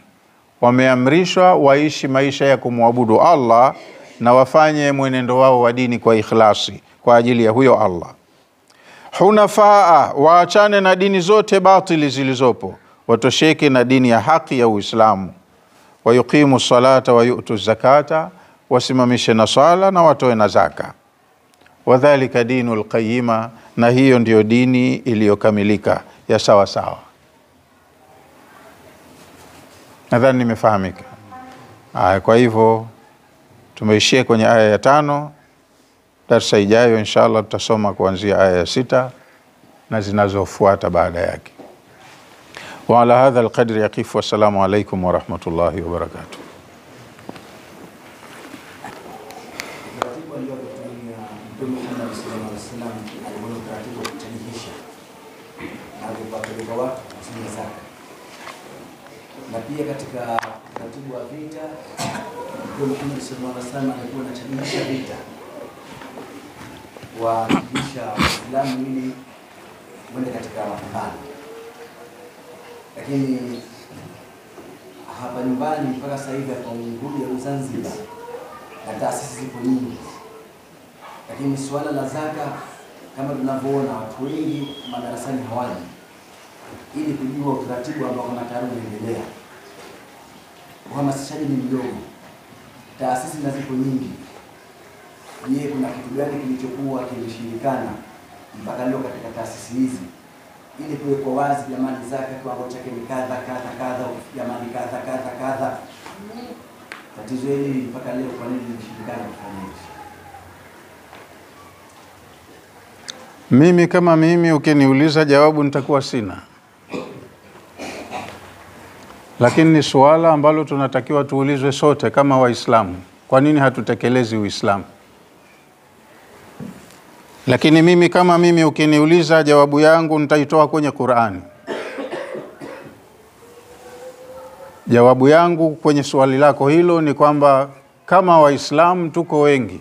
wameamrishwa waishi maisha ya kumwabudu Allah na wafanye mwenendo wao wa dini kwa ikhlasi kwa ajili ya huyo Allah. Hunafaa, waachane na dini zote batili zilizopo, watosheke na dini ya haki ya Uislamu. Wayuqimu salata wayutu zakata, wasimamishe na sala na watoe na zaka wadhalika dinu lqayima, na hiyo ndiyo dini iliyokamilika ya sawa sawa. Nadhani nimefahamika. Aya, kwa hivyo tumeishia kwenye aya ya tano. Darsa ijayo insha allah tutasoma kuanzia aya ya sita na zinazofuata baada yake. Wa ala hadha alqadri yaqifu. Wassalamu alaikum warahmatullahi wabarakatuh. na pia katika utaratibu wa vita Mtume sallallahu alaihi wasallam alikuwa anachangisha vita kuwajulisha Waislamu ili mwende katika mapambano, lakini hapa nyumbani mpaka sasa hivi hapa nguli ya Zanzibar na taasisi ziko nyingi, lakini suala la zaka kama tunavyoona watu wengi madarasani hawaji, ili kujua utaratibu ambao kama tayari unaendelea uhamasishaji ni mdogo, taasisi na ziko nyingi. Je, kuna kitu gani kilichokuwa kimeshindikana mpaka leo katika taasisi hizi ili kwa wazi, jamani, zaka kiwango chake ni kadha kadha kadha, jamani, kadha kadha kadha. Tatizo hili mpaka leo, kwa nini limeshindikana kufanya Mimi kama mimi, ukiniuliza jawabu nitakuwa sina lakini ni suala ambalo tunatakiwa tuulizwe sote kama Waislamu, kwa nini hatutekelezi Uislamu? Lakini mimi kama mimi, ukiniuliza jawabu yangu nitaitoa kwenye Qur'ani. Jawabu yangu kwenye swali lako hilo ni kwamba kama Waislamu tuko wengi,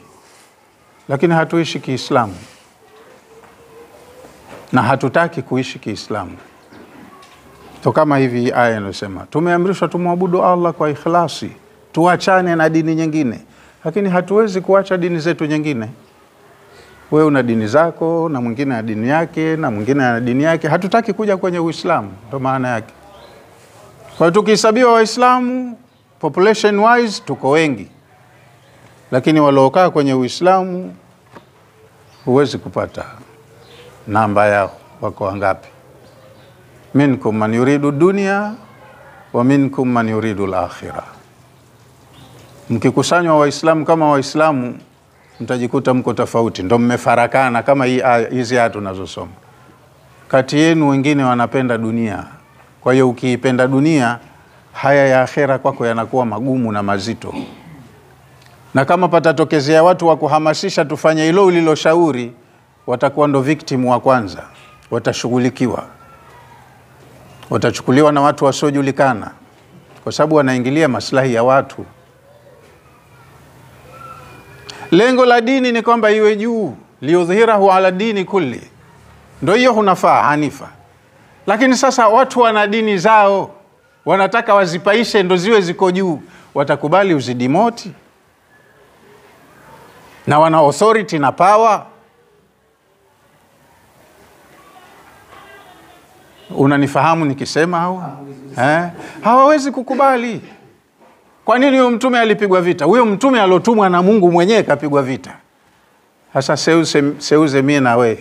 lakini hatuishi Kiislamu na hatutaki kuishi Kiislamu. To kama hivi aya inasema tumeamrishwa tumwabudu Allah kwa ikhlasi, tuachane na dini nyingine, lakini hatuwezi kuacha dini zetu nyingine. Wewe una dini zako na mwingine ana dini yake na mwingine ana dini yake, hatutaki kuja kwenye Uislamu, ndo maana yake. Kwa hiyo tukihesabiwa Waislamu population wise tuko wengi, lakini waliokaa kwenye Uislamu huwezi kupata namba yao, wako wangapi? minkum man yuridu dunia wa minkum man yuridu al-akhirah. Mkikusanywa Waislamu kama Waislamu mtajikuta mko tofauti, ndo mmefarakana kama hizi aya tunazosoma. Kati yenu wengine wanapenda dunia, kwa hiyo ukiipenda dunia, haya ya akhera kwako yanakuwa magumu na mazito. Na kama patatokezea watu wa kuhamasisha tufanye hilo uliloshauri, watakuwa ndo victim wa kwanza, watashughulikiwa watachukuliwa na watu wasiojulikana, kwa sababu wanaingilia maslahi ya watu. Lengo la dini ni kwamba iwe juu, liudhhirahu ala dini kulli, ndo hiyo hunafaa hanifa. Lakini sasa watu wana dini zao, wanataka wazipaishe ndo ziwe ziko juu, watakubali uzidimoti na wana authority na power Unanifahamu nikisema au eh? Hawawezi kukubali. Kwa nini huyo mtume alipigwa vita? Huyo mtume aliotumwa na Mungu mwenyewe kapigwa vita. Sasa seuze, seuze mie na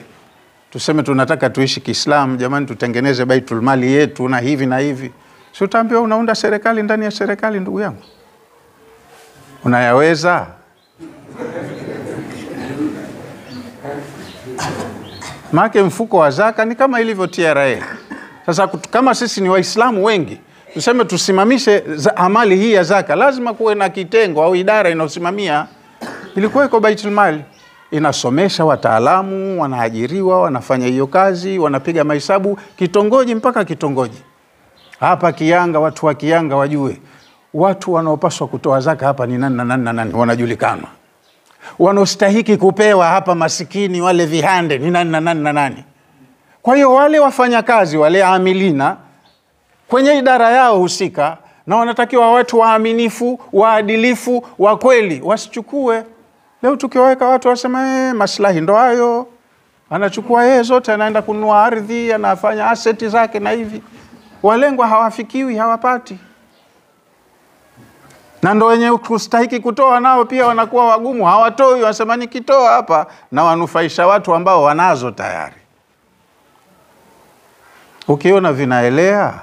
tuseme tunataka tuishi Kiislamu, jamani, tutengeneze baitulmali yetu na hivi na hivi, si utaambiwa unaunda serikali ndani ya serikali? Ndugu yangu, unayaweza? Maake mfuko wa zaka ni kama ilivyo TRA. Sasa kama sisi ni Waislamu wengi tuseme tusimamishe amali hii ya zaka, lazima kuwe na kitengo au idara inayosimamia. Ilikuweko iko Baitul Mali, inasomesha wataalamu, wanaajiriwa, wanafanya hiyo kazi, wanapiga mahesabu kitongoji mpaka kitongoji. Hapa Kianga, watu wa Kianga wajue watu wanaopaswa kutoa zaka hapa ni nani na nani na nani, wanajulikana. Wanaostahiki kupewa hapa, masikini wale vihande, ni nani na nani na nani. Kwa hiyo wale wafanyakazi wale amilina kwenye idara yao husika, na wanatakiwa watu waaminifu, waadilifu, wa kweli, wasichukue leo. Tukiwaweka watu waseme eh, maslahi ndo hayo, anachukua yeye zote, anaenda kununua ardhi, anafanya aseti zake na hivi, walengwa hawafikiwi, hawapati na ndo wenye kustahiki kutoa nao pia wanakuwa wagumu, hawatoi. Wanasema nikitoa hapa na wanufaisha watu ambao wanazo tayari. Ukiona vinaelea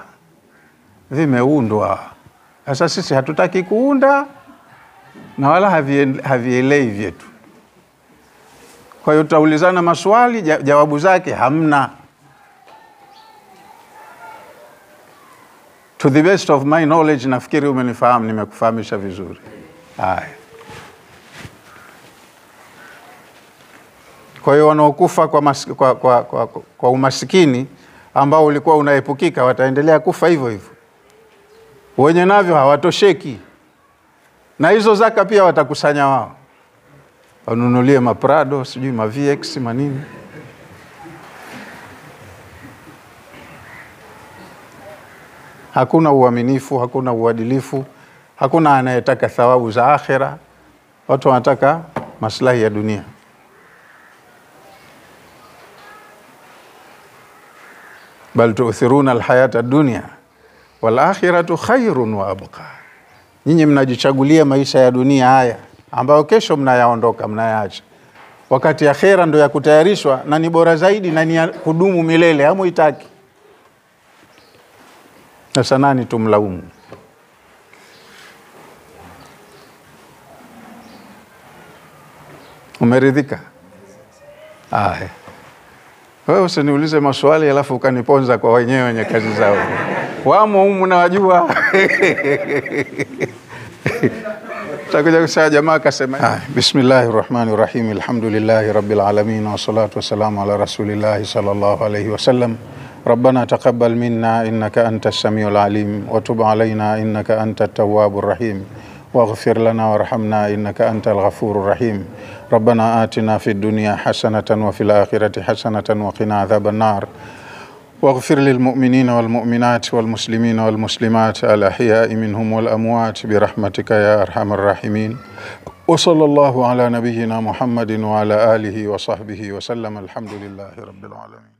vimeundwa. Sasa sisi hatutaki kuunda na wala havielei vyetu. Kwa hiyo tutaulizana maswali, jawabu zake hamna. To the best of my knowledge, nafikiri umenifahamu, nimekufahamisha vizuri. Haya. Kwa hiyo wanaokufa kwa, kwa, kwa, kwa, kwa umasikini ambao ulikuwa unaepukika wataendelea kufa hivyo hivyo, wenye navyo hawatosheki, na hizo zaka pia watakusanya wao, wanunulie maprado sijui ma VX manini hakuna uaminifu, hakuna uadilifu, hakuna anayetaka thawabu za akhera. Watu wanataka maslahi ya dunia. bal tuthiruna alhayata dunia walakhiratu khairun wa abqa, nyinyi mnajichagulia maisha ya dunia haya ambayo kesho mnayaondoka mnayaacha, wakati akhera ndo ya kutayarishwa na ni bora zaidi na ni ya kudumu milele, hamuitaki. Sasa nani tumlaumu? Umeridhika? Aya. Wewe usiniulize maswali alafu ukaniponza kwa wenyewe wenye kazi zao, wamo humu nawajua. Takuja kusaa jamaa akasema, bismillahi rahmani rahim, alhamdulillahi rabbil alamin wassalatu wassalamu ala rasulillahi sallallahu alayhi wasallam ربنا تقبل منا إنك أنت السميع العليم وتب علينا إنك أنت التواب rahim واغفر لنا وارحمنا إنك أنت الغفور الرحيم ربنا آتنا في الدنيا حسنة وفي الآخرة حسنة وقنا عذاب النار واغفر للمؤمنين والمؤمنات والمسلمين والمسلمات الأحياء منهم والأموات برحمتك يا أرحم الراحمين وصلى الله على نبينا محمد وعلى آله وصحبه وسلم الحمد لله رب العالمين